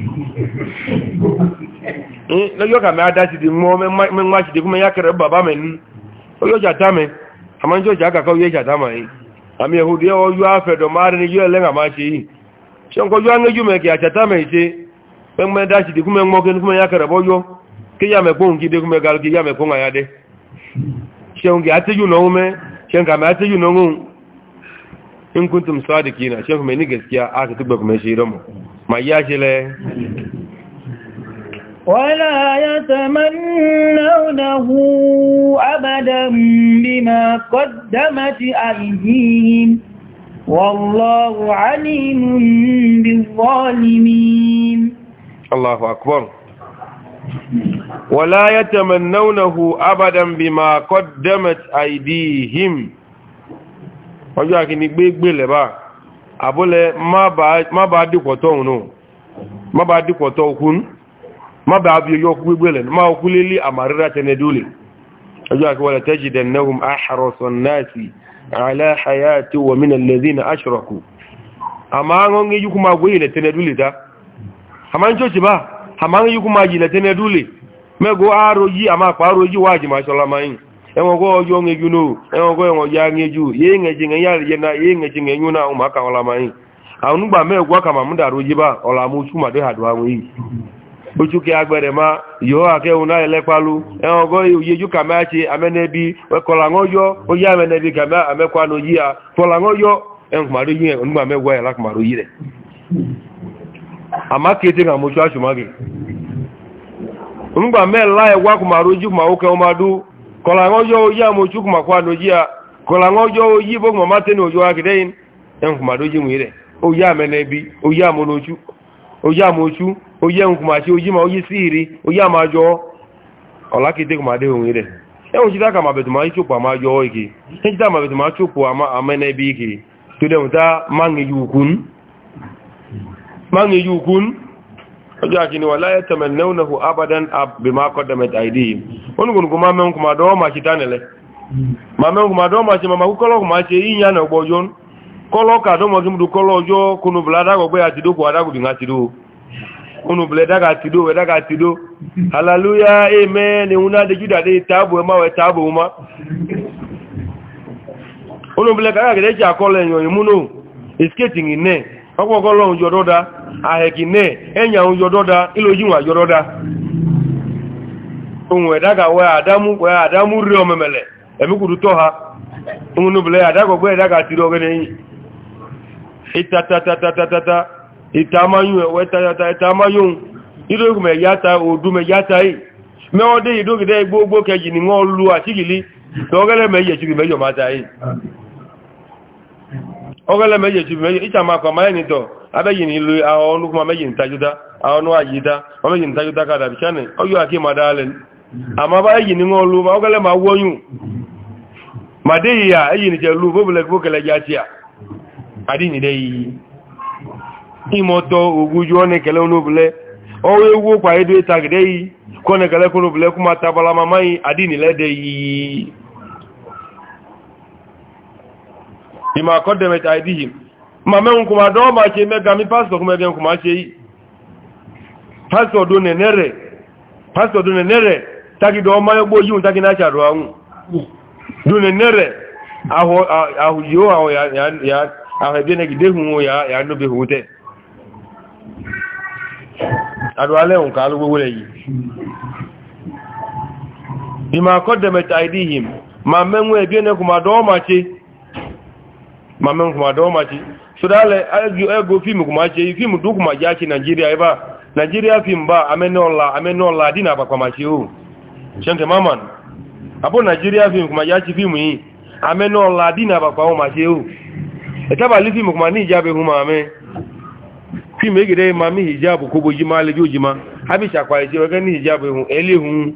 ma lọ́jọ́ kà mẹ́ adáṣìdì mọ́ mẹ́wàṣìdì kúmẹ́ yákẹrẹ bàbá mẹ́ ní ọjọ́ jàtá mẹ́ àmá ń jọ jàkà kọ́ yẹ́ jàtá mẹ́ yìí àmì ẹ̀hùdí ẹwọ́ yóò afẹ́dọ̀ máa rí ní yóò ẹlẹ́gà máa ṣe yìí ṣọ́nkọ́ yóò angẹ́jú mẹ́ kì àjàtá mẹ́ ṣe mẹ́mẹ́ dáṣìdì kúmẹ́ mọ́ kúmẹ́ yákẹrẹ bọ́yọ́ kíyàmẹ́kún kí dé kúmẹ́ ma yá ṣe lẹ wọ́lá ayátàmánnáwònáwò abádàmbìmá kọ́dámátì àìyíyìn wọ́lọ́wọ́ alìmùn bí wọ́lìmín Allahu akbar wọ́lá ayátàmánnáwònáwò abádàmbìmá kọ́dámátì àìdíyìn ọjọ́ àkíní gbé gbé lẹ́bàá abule ma ba dikwoto unu ma ba dikwoto okun ma ba abi yo gbegbele ma okuleli amarira tenedule ajo ak wala tajidannahum ahrasu an-nasi ala hayati wa min alladhina ashraku ama ngongi yukuma gwile tenedule da ama njochi ba ama ngongi yukuma jile tenedule mego aro yi ama paro yi waji mashallah enwego ọjọ onwe no enwego enwe ya anya ju ya enyeji nye ya rije na ya enyeji nye enyu na ụmụaka ọlamanyi anụgba m egwu aka ma m dara ojiba ọlamuchu ma dị ha anwụ iyi ochuke agbere ma yoo ewu na elekpalu enwego oyeju ka m amenebi kọlaṅoyo oye amenebi ka amekwa na oyi ya yi onugba m egwu ya lakumarụ yire amakete ka mochu achụma gị onugba m ela egwu oji ma nwoke kolaŋo yo oyi amoju kuma kwa dojia kolaŋo yo oyi bo kuma mateni ojo akidein en kuma doji mwire oyi amenebi oyi amonoju oyi amoju oyi en kuma si oyi ma oyi siri oyi amajo olakite kuma de mwire en chita kama betu ma ichupu amajo oiki en chita ma betu ma chupu ama amenebi iki tude muta mangi yukun mangi yukun ọjọ́ àkíní wà láyé tẹ̀mẹ̀ nẹ́wùnẹ̀hù abadan abimakọ dẹ̀mẹ̀t àìdí yìí ó ní gbogbo máa mẹ́rin kùmà dọ́wọ́ máa ṣe dánilẹ̀ máa mẹ́rin kùmà dọ́wọ́ máa ṣe máa kọ́lọ́ kùmà ṣe yíyan náà gbọ́jọ́ kọ́lọ́ ka dọ́mọ̀ kí mudu kọ́lọ́ ọjọ́ kunu bìlá hallelujah amen ehun náà dejú dàdé táàbù ẹ̀ máa wẹ̀ táàbù ma kunu bìlẹ̀ kàkà kẹ̀dẹ́ ṣe àkọlẹ̀ ọgbọ̀gọ́ lọ́hun yọ dọ́dá àhẹ̀kì náà ẹ̀yà ohun yọ dọ́dá ilójúwà yọ dọ́dá ohun ẹ̀dága wẹ́ àdámú rí ọmọmẹ̀lẹ̀ ẹ̀mí kùdú tọ́ ha ohun nùbìlẹ̀ àdágọ̀gbẹ́ ẹ̀dága ti rí ọgẹ́dẹ́ yìí ìtatatatata ìtamáyún ẹ̀wẹ́ ìtamáyún ìdókùn mẹ̀yáta òdú mẹ̀yáta yìí mẹ́wọ́n dé ìdókùn ogele meje ju meje icha ma kwa maye ni do abe yin ilu a onu kuma meje nta juda a onu oyo aki madale ama ba yin ni olu ma ogele ma woyun made ya yin je lu bo adi ni de imoto oguju one kele onu bele owo ewu kwa edu itagide yi kone adi ni le de bima qaddamat aydihim ma men kuma do ma ce me gami pastor kuma gen kuma ce yi pastor do ne nere pastor do ne nere taki do ma yogbo yun taki na charo awun do ne aho aho yo aho ya ya aho bi ne ya ya no be hote adu ale un ka lu gbo le yi bima qaddamat aydihim ma men we bi ne kuma mamen kuma da ma ci su da le ego film kuma ce film du kuma ya ci Nigeria ba Nigeria film ba amenola amenola dina ba kuma ci o shante maman abo Nigeria film kuma ya ci film yi amenola dina ba kuma ci o e ta ba li film kuma ni jabe huma ame film e gide ma mi hijab ko bo jima le jojima abi sha kwa je ga ni hijab ehun elehun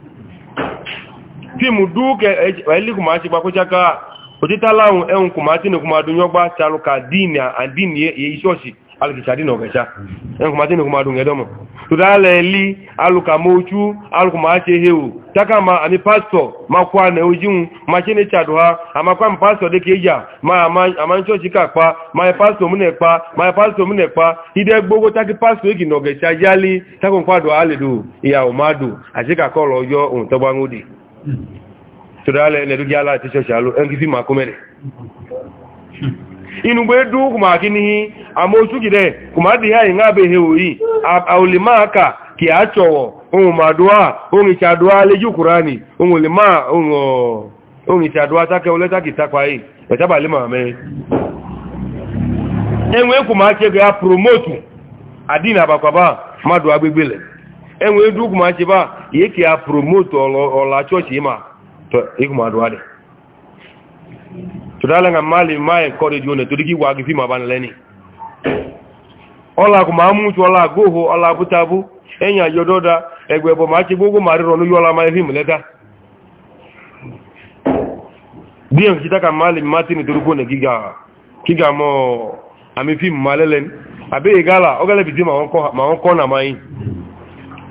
film du ke eli kuma ci ba ko jaka otitala ahụ enwe nkwụmachi na ekwumadụ nye ọgba chalụ ka din adin isi ọchị alụkịcha din ọgacha enkwụmachi na ekwumadụ nye dọmụ tụdala eli alụkamochu alụkụmachi ehewu taka ma ami pastọ makwa na ojinwu ma chinechadụ ha amakwa m pastọ dịka eji a ma ama nchọọchị ka kpa ma pastọ m na-ekpa ma pastọ m na-ekpa ide gbogbo taki pastọ egi na ọgacha yali takwụ nkwado alido ya ụmadụ achịka kọlọ ọjọọ ntọgbanwụ dị tụdala enedu gị ala ati chọọchị alụ nkịsị ma kụmere inugbe du kuma gị n'ihi amaotu gide kuma di anyị nga abeghi oyi aulimaka ki a chọwọ onwumadua onwichadua leji kwurani onwulima onwichadua take oleta ki takwayi le ma mee enwe kuma achego ya promotu adina abakwaba mmadụ agbegbele enwe du kuma achịba ihe ki ya promotu ọla chọọchị ma to iguma do ade to dala nga mali mai kori jone to digi wagi fi ma ban leni ola ku ma mu ola goho ola butabu enya yododa egbe bo ma chi gugu mari ronu yola mai fi muleta bien kitaka mali mati ni turuko ne giga giga mo ami fi malelen abe igala ogale bidima won ko ma won ko na mai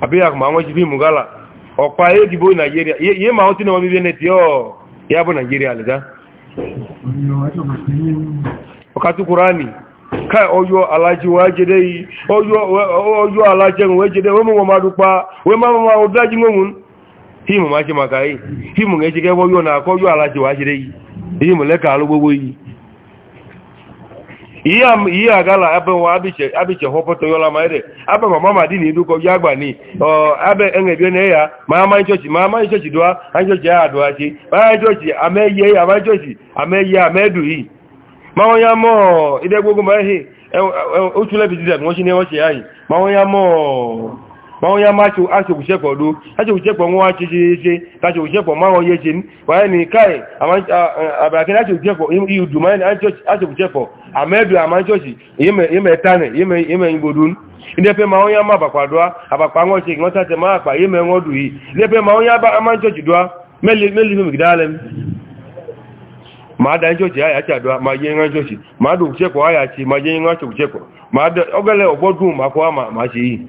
abe ak ma won chi gala. ọkpa yóò dìbò nàìjíríà yé ma wọ́n tí náà bíbí ẹni tí ọ̀ yá bọ́ nàìjíríà lẹ́dá ọkàtúkùránì ká ọyọ́ alájíwájẹ́dẹ́ yìí ọyọ́ alájẹ́wẹ́jẹ́dẹ́ wọ́n mọ́ ma dúpa wọ́n má ma ó dájí mọ́mún fíìmù má ṣe màkà yìí fíìmù ẹ̀ṣẹ́gẹ́ wọ́yọ́ yi kọ́ leka alájíwájẹ́dẹ́ yìí ihe agala abewa abiche họpụta yola ma abe mama ma dị na iduko ya agba ni abe engebie na ya ma ama nchochi ma ama nchochi dụa anchochi ya adụghachi ma anya nchochi ameihe ya ma nchochi ameihe ameduhi ma onye amụọ idegbogo ma ehi ochulebi dida nwochi na enwochi ya anyị ma onye amụọ ma onye ama achịkwuchekpọ do achịkwuchekpọ nwa achịchịchị tachịkwuchekpọ ma onye chi wanye na kai abakịrị achịkwuchekpọ iudu ma achịkwuchekpọ amebi ama nchọchi ime tane ime igbodun ndepe ma onye ama abakwadoa abakpa nwa ochie nwọchacha ma akpa ime nwoduhi ndepe ma onye ama nchọchi doa meli megidalem ma da nchọchi aya doa ma jee nwa nchọchi ma adụkwuchekpọ aya chi ma jee nwa achịkwuchekpọ ma ogele ọgbọdum akwa ma ma chi iyi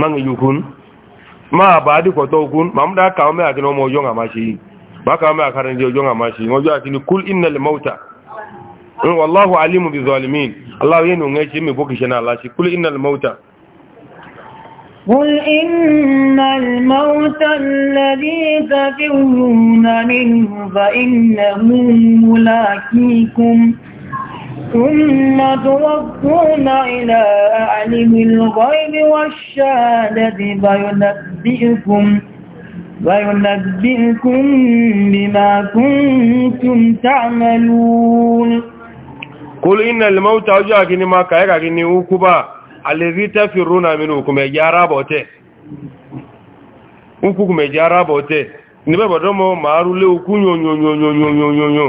mangi yukun ma baadi ko tokun mamda ka me akino mo jonga mashi ba ka me akaran je jonga mashi mo jo akini kul innal mauta in mm, wallahu alimu bi zalimin allah yenu ngai mi boki shana allah shi kul innal mauta قل إن الموت الذي تفرون منه فإنه ملاكيكم ثم توفون إلى عالم الغيب والشهادة فينبئكم وينبئكم بما كنتم تعملون قل إن الموت أجاك ما كايك نوكبا الذي تفرون منكم يجارا بوته ukukumeji ara bọ̀tẹ̀ níbẹ̀bọ̀dọ́mọ̀ máa rúlé okú yóò yóò yóò yóò yóò yóò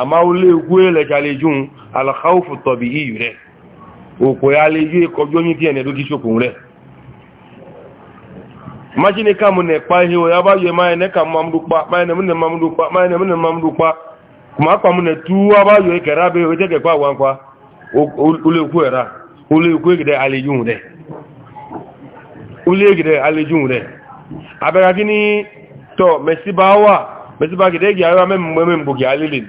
àmá ó lé ikú ẹlẹ́jà lè jùun alàkáòfù tọ̀bí ìyù rẹ̀ òpò ya lè yé kọjọ́ ní tí ẹ̀nẹ̀ ló kí ṣokùn rẹ̀ máṣíní kàmù nẹ̀ pa ihe òyà bá yẹ máa ẹ̀nẹ́ kàmù mamdúpa máa ẹ̀nẹ́ múnẹ̀ mamdúpa máa ẹ̀nẹ́ múnẹ̀ mamdúpa kùmà pa àwọn akwa olè ikú ẹ̀rà olè ikú ẹ̀gẹ̀dẹ̀ àlejùn rẹ̀ olè ẹ̀gẹ̀dẹ̀ àlejùn rẹ̀ abẹ́ra kí ní tọ̀ mẹ̀síbá wà mẹ̀síbá gẹ̀dẹ̀ gẹ̀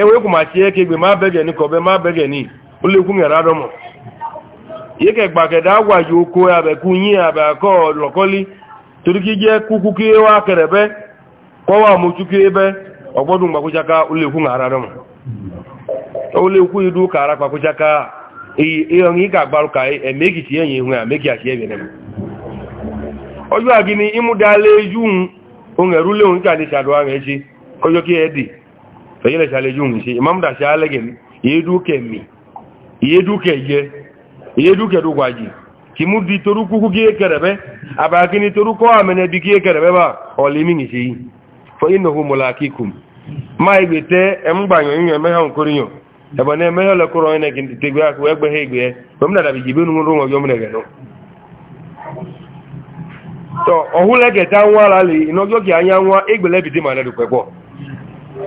ewe kwu ma chie ka igbe ma begeni ka obe ma begeni ụlọikwu nwere adọm ike gbakede agwa ji okwu ya be kunyi ya be akọ lọkọli turiki je kukuku ewa kerebe kọwa mochukwu ebe ọgbọdụ mgbakwụchaka ụlọikwu nwere adọm ụlọikwu idu ka ara kpakwụchaka ihe ike agbarụ ka emegichi e enye ihu ya megi achi a gị eju onwere ụlọ onwe ka dị chadụ echi fẹ́yẹ́lẹ̀ ṣàlẹ́jú ń ṣe ìmọ́mdà ṣe alẹ́gẹ̀ ìyédúkẹ̀ mi ìyédúkẹ̀ yẹ ìyédúkẹ̀ tó gbàjì kí mú di torúkúkú kí é kẹrẹ̀bẹ́ àbákí ni torúkọ́ àmẹ́nẹ́ bí kí é kẹrẹ̀bẹ́ bá ọ̀lẹ́mí ń ṣe yìí fọ́ ìnáwó mọ̀láàkíkùn máa ìgbè tẹ́ ẹ̀mgbàyàn ìyẹn mẹ́hàn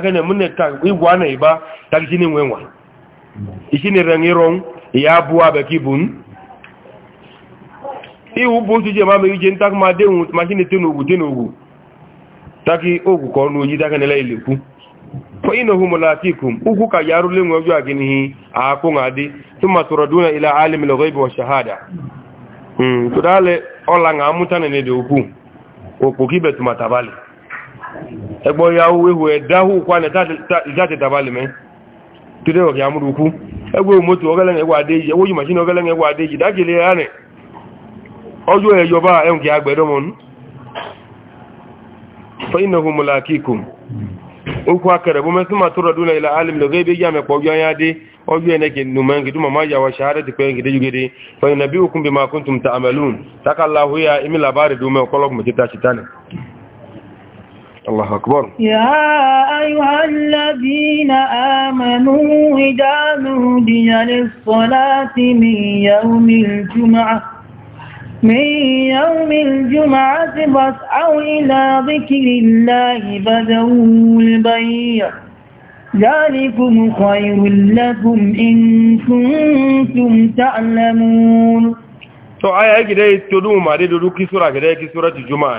take mune ta igwa na iba ta wenwa ya buwa be kibun iwu bu tuje ma me ije ntak ma de un machine tinu ogu tinu ogu taki ogu ko nu yi take ne le ileku fa ọ mulatikum uku ka yaru le ngoju agini a ko ngadi thumma turaduna ila alim al wa shahada mm tudale ola nga mutane ne de oku kibe ẹgbọ́ ya wéhù ẹ̀dáhù kwánẹ̀ ìjáte tàbálì mẹ́ tó dẹ̀ ọ̀kẹ́ amúrukú ẹgbẹ́ mọ́tò ọgẹ́lẹ́gẹ́ ẹgbà adéyìí ẹwọ́ yìí màṣínà ọgẹ́lẹ́gẹ́ ẹgbà adéyìí dákìlẹ̀ rẹ̀ ọjọ́ ẹ̀yọba ẹ̀hùnkẹ́ agbẹ̀dọ́mọ́n fẹ́yìnàhùn mọ́lákìkùn okwu akẹrẹ bó mẹ́sí ma tọ́rọ dúnlẹ̀ ilẹ̀ alim ya dé ọjọ́ ẹ̀nẹ́ kì nù mẹ́rin kìtù mọ̀má yàwó ṣàárẹ̀ ti pẹ́yìn kìtù jùgede fẹ́yìn nàbí òkun bí ma kún tùm ta الله أكبر يا أيها الذين آمنوا إذا نودي للصلاة من يوم الجمعة من يوم الجمعة فاسعوا إلى ذكر الله بدوا البيع ذلكم خير لكم إن كنتم تعلمون تو آية كده تدوم عليه دلوكي سورة كده كي سورة الجمعة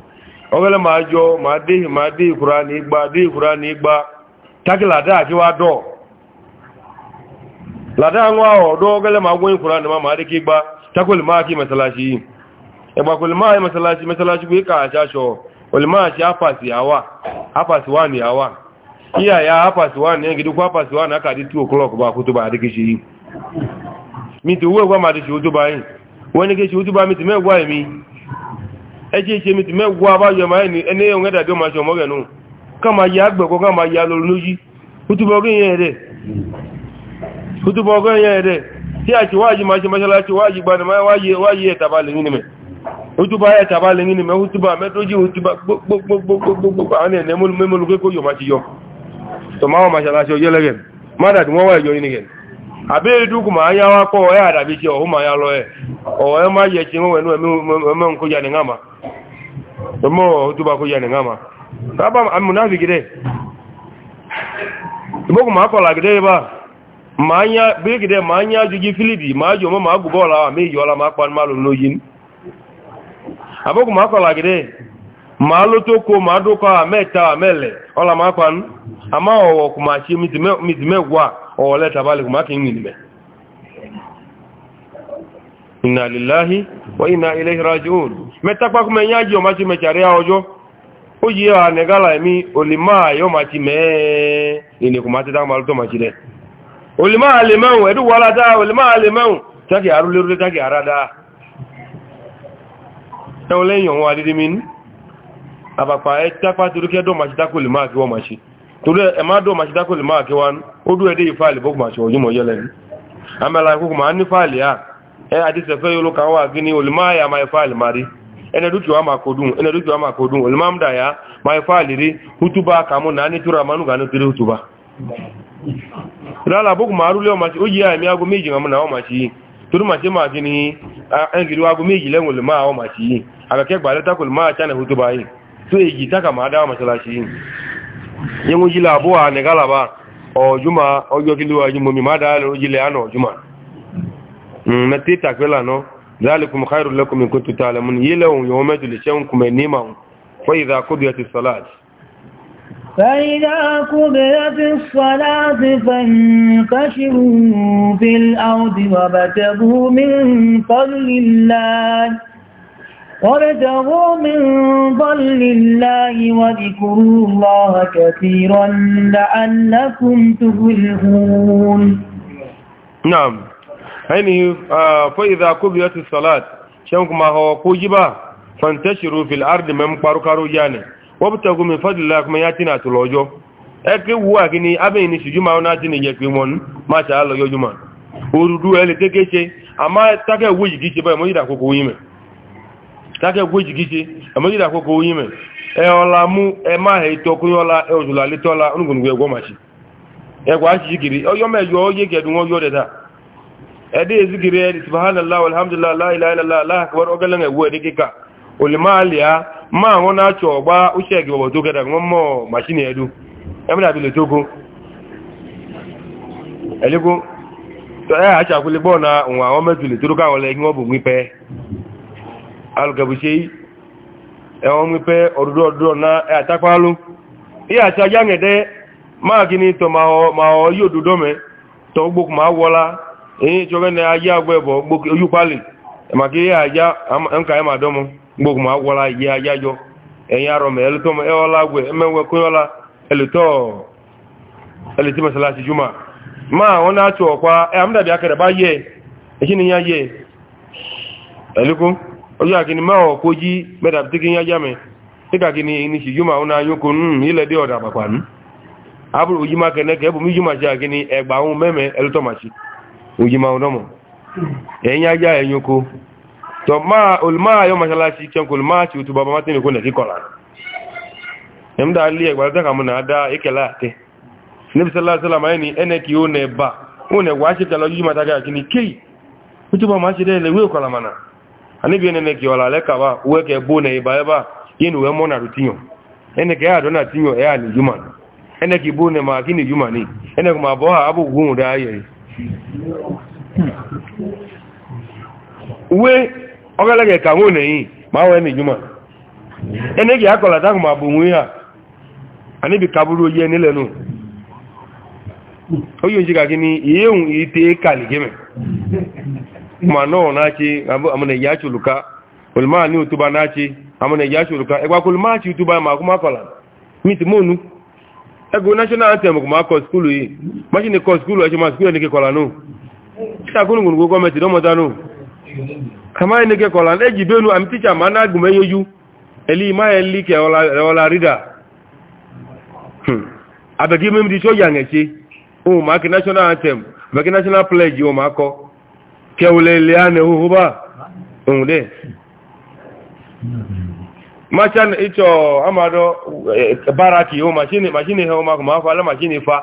ogele ma jo ma de ma de qur'ani gba de qur'ani gba takila da ki wa do la da nwa o do ogele ma gwo qur'ani ma ma de ki gba takul ma ki masalashi e ba kul ma masalashi masalashi ku ka ja so ol ma iya ya afasi wa ni ngidu ku afasi wa na ka di 2 o'clock ba ku to ba de ki shi mi ti wo gwa ma de shi o to ẹjẹ́ ìṣe mi ti mẹ́wọ́ abájọ máa ní ẹni ẹ̀yọ́ ẹ̀dàdọ́ máa ṣọmọ́ rẹ̀ náà ká máa yà gbẹ̀kọ́ ká máa yà lórí lójí kútùbọ̀gọ́ ìyẹn rẹ̀ tí a ti wáyé máa ṣe mọ́ṣálásí wáyé gbani wáyé ẹ̀tàbà lẹ́yìn nìmẹ̀ kútùbà ẹ̀tàbà lẹ́yìn nìmẹ̀ kútùbà mẹ́tọ́jú kútùbà gbogbogbogbogbogbo àwọn ẹ̀nẹ́ mẹ́mọ́lùkẹ́kọ́ yọ máa ti yọ tọ́máwọ́ mọ́ṣálásí ọjọ́ lẹ́gẹ̀ẹ́ abeedugu ma anya wakpọ ya adabiji ọhụ ma ya ma ya echi nwe eme ma eme otubakụ ya nịnga ma kaba munafigide igbogu ma akọla gide ebe a ma anya bigide ma anya filibi ma ajụ ome ma agụ bọọlụ ahụ ma ọla ma akpa mmadụ n'oyi abogu ma akọla ma ma adụkọ a meta a mele ọla ma akpa ama ọwọ ma chi mitimegwu ọwọ́lẹ́ tàbálẹ̀ kùmá kí ń rìn mẹ́ ìnà lèláhí wọ́n ìnà ilẹ̀ ìrajú mẹ́tàpákùnmẹ́ yá jí ọmọ tí mẹ́kàrí ọjọ́ ó yí ọ ànẹ́gálà ẹ̀mí olèmáà yọ́ máa ti mẹ́ẹ́ ìnìkùnmá ti dáhùn tó máa ti rẹ̀ olèmáà lè mẹ́hùn ẹ̀dù wọ́lá dáa olèmáà lè mẹ́hùn tákì àrúlérúlé tákì àrá dáa ẹ̀wọ̀n lẹ́yìn ọ̀wọ́n adídímín àpapà ẹ̀ tápá torí kẹ́dọ̀ máa ti dákò olèmáà kí wọ́n máa ṣe torí ẹ máa dọ̀ màṣídá kò lè máa kí wá ó dúró ẹdẹ́ yìí fáìlì bókù màṣí òjúmọ̀ yẹlẹ̀ ní àmàlà ìkókù máa ní fáìlì à ẹ àdísẹ̀fẹ́ yóò lókà wà gíní olè máa yà máa fáìlì máa rí ẹnẹ dúkìá máa kó dùn ẹnẹ dúkìá máa kó dùn olè máa ń dà yá máa fáìlì rí hútúbà kàmú náà ní túra mánú gà ní kiri hútúbà. ìlàlà bókù yengu jila abuwa ne galaba o juma o jokili wa jumu mi mada lo jile ano juma mm na tita kwela no zalikum khairul lakum in kuntum ta'lamun yilaw yawmatu li shay'un kum nima fa idha qudiyatis الصلاة فانتشروا في الأرض من فضل الله وابتغوا من ضل الله واذكروا الله كثيرا لعلكم تفلحون نعم يعني فإذا قضيت الصلاة شنك ما هو كوجبا فانتشروا في الأرض من قرقروا جانا وابتغوا من فضل الله كما ياتينا تلوجو eke wu a gini abe ni suju ma ona tin je pe won ma sha lo yojuma orudu ele tekese ama wu yi ki se ba mo ida koko take gweji giji e amagida akwụkwọ oyime eola mụ emaha eto kwụnye ọla ozula leta ọla onugwunugwu egwo machi egwa achiji e giri oyo meyo oye kedu nwa oyo deda ede ezigiri edi subhanallah alhamdulillah la ilaha illallah la akbar ogele na ma ahụ na-achọ ọgba uche gị obodo gada nwa mmụọ machini edu emere abili togo eligo to ya e na nwa ọmejuli toro ka awọla ihe bụ nwipe alùgàbùṣe ẹ̀wọ̀n wípẹ́ ọ̀dọ̀dọ̀ ọ̀dọ̀dọ̀ na àtàpálú ìyà àti ajá ngẹ̀dẹ́ máa gini tọ ma ọ yóò dúdọ́ mẹ́ tọ gbókù máa wọ́lá èyí ìṣọ́gẹ́ ní ajá agbọ́ ẹ̀bọ̀ ojú pálì ẹ̀màkí ìyà ajá ẹ̀ǹkà ẹ̀mà dọ́mọ gbókù máa wọ́lá ìyà ajá jọ ẹ̀yìn arọ mẹ́ ẹlùtọ́ ẹ̀ ojú àkíní máa ọ̀kọ́ jí mẹ́ta tí kí ń yájá mẹ́ níkàkíní ní ṣì yúmà ọ̀nà ayókò nínú ilẹ̀ dé ọ̀dà àpapà ní àbúrò òjímà kẹ́nẹ́kẹ́ ẹ̀bùn yúmà ṣe àkíní ẹgbà ohun mẹ́mẹ́ ẹlútọ́màṣí òjímà ọ̀nàmọ̀ ẹ̀yìn ajá ẹ̀yìn oko tọ́ máa olùmáàyọ́ mọ́ṣáláṣí kẹ́ńkò olùmáàṣí òtù bàbá mátìní kò nẹ̀kí kọ̀lá ẹ̀mdà alẹ́ ẹgbà tó ni kéyì ó tó bá máa ṣe anibi enene ki wala leka ba uwe ke bune iba eba yinu we mona rutinyo ene ke ado na tinyo e ani juma ene ki bune ma kini juma ni ene kuma boha abu gun da aye uwe ogele ke ka ngone yi ma we ni juma ene ki akola ta kuma bu nwi ya anibi kaburu ye ni lenu oyo njika kini iyeun ite e kaligeme mano na ce amina ya ci luka ulma ni utuba na ce amina ya ci luka egwa kulma ci utuba ma kuma kola miti monu ego national anthem kuma ko school yi ma shi ne ko school ashe ma school ne ke kola no ta kunu gungu government don mota no kama ne ke kola e ji benu am teacher ma na gume yeju eli ma eli ke ola ola rida hmm abegi mem di so yangechi o ma ke national anthem ma ke national pledge o ma ko kẹwùlẹ̀ ilẹ̀ anẹ̀hù húbá ohun dẹ̀ machan ìtọ̀ amado eh, baraki o oh, machine machine he o oh, ma kuma fa la machine fa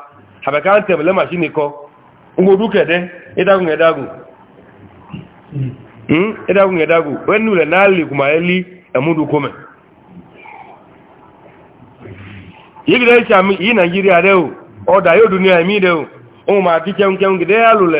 habe kan tem le machine ko ngo duke de idagu ngedagu hmm idagu ngedagu wenu le nali kuma eli emudu kome yigida icha mi yi nigeria dunia mi de o o ma ti cheun cheun gide alule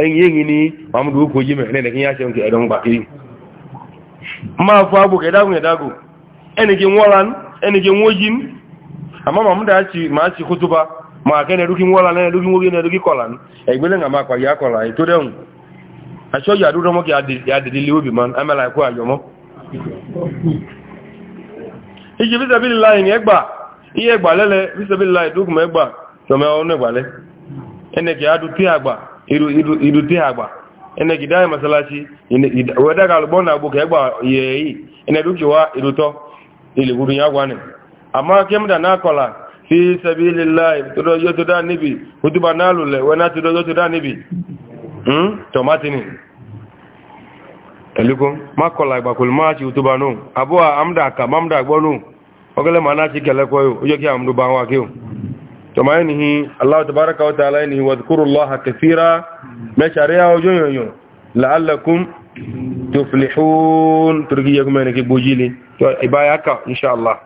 yéyìn ní mamudu kò a mẹ́rin ẹ̀kí yáṣẹ́ òkè ma ń gbà kiri máa fọ́ agbókè dágùn ẹ̀dágùn ẹnìkí wọ́lan ẹnìkí wójín ma mamudu máa ti kó tó bá máa kẹ́ ẹ̀dùkí wọ́lan ẹ̀dùkí wógín ẹ̀dùkí kọlan ẹ̀gbẹ́lẹ̀ ń àmà ya akọ̀lá ètò dẹ̀hùn aṣọ́jà dúró mọ́ kí adìdí lé obì man iye iduti agba ene gidai masalashi weda ga lubona bu kegba yeyi ene duki wa iduto ile gudu ya gwane amma kemda na kola fi sabilillah tudo yoto da nibi hutuba nalule wena tudo yoto da nibi hmm tomatini eliko makola agba kul machi hutuba abua amda ka mamda gbonu ogele mana chi kele koyo ojo ki amdu ba wa kiyo ثم انه الله تبارك وتعالى انه واذكروا الله كثيرا ما شريعه وجنون لعلكم تفلحون ترجيكم انك بوجيلي عباياك ان شاء الله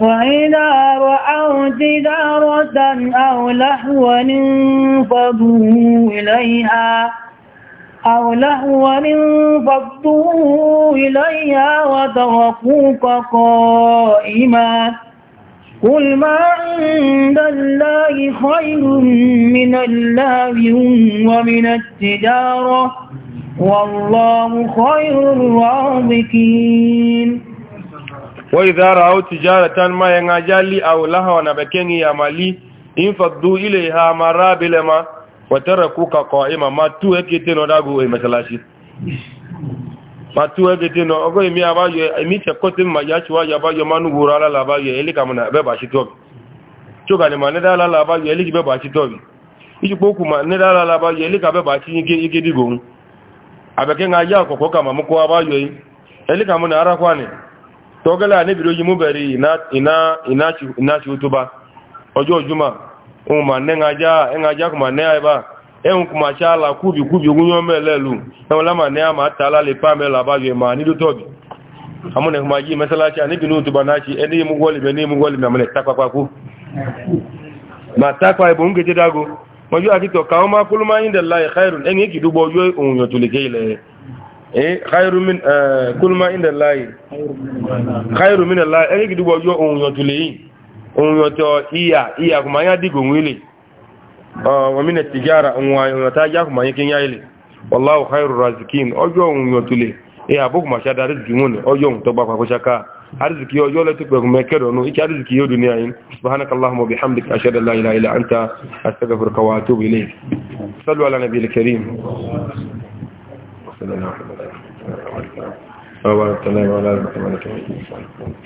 وإذا رأوا تجارة أو لهوا انفضوا إليها أو لهوا انفضوا إليها وتركوك قائما قل ما عند الله خير من الله ومن التجارة والله خير الرازقين وإذا رأوا تجارة ما ينجالي أو لها ونبكين يا مالي infaddu ilaiha marabilama wa tarakuka ما ma tu yake tino dago matu ebe ti no ogo imi abayo imi te kote ma ya chuwa ya abayo manu gura la la abayo eli kamuna be ba shi tobi chuka ni maneda la la abayo eli be ba shi tobi iji poku maneda la la abayo eli ka be ba shi ike ike digo abeke nga ya kokko kama muko abayo yi eli na ara kwani togela ne biro yimu beri ina ina ina chu ina chu tuba ojo juma o ma ne nga ja nga ja kuma ne ai ba ẹ̀hùn kùmà ṣe àlà kúbì kúbì ogún yọ́ mẹ́lẹ̀ lù ẹ̀hùn lámà ní àmà tààlà lè pa mẹ́lẹ̀ àbájọ ẹ̀mà ní lótọ́bì àmúnẹ̀ kùmà yí mẹ́sàláṣà níbi ní òtùbà náà ṣe ẹni mú wọ́lì bẹ̀ ní mú wọ́lì bẹ̀ mẹ́lẹ̀ tápapakú mà tápa ìbò ń gẹ́jẹ́ dágo mọ́jú àkítọ̀ káwọn máa kúlú máa ń dẹ̀ láì khairun ẹni kì dúgbọ́ yóò e lè gé ilẹ̀ máa e, ń dẹ̀ láì khairun min yóò òun yàn tó lè yìn òun yàn tó ìyà ìyà kùmà dìgò ń wàmínà tìjára wọn ta já kùmà yín kí yá ilẹ̀ wàláwù khairu razikin ọjọ́ òun yọ tulẹ̀ ẹ e, àbúkù màṣá da arziki wọn ni ọjọ́ òun tọgbà pàkó ṣaká ọjọ́ lẹ́tọ́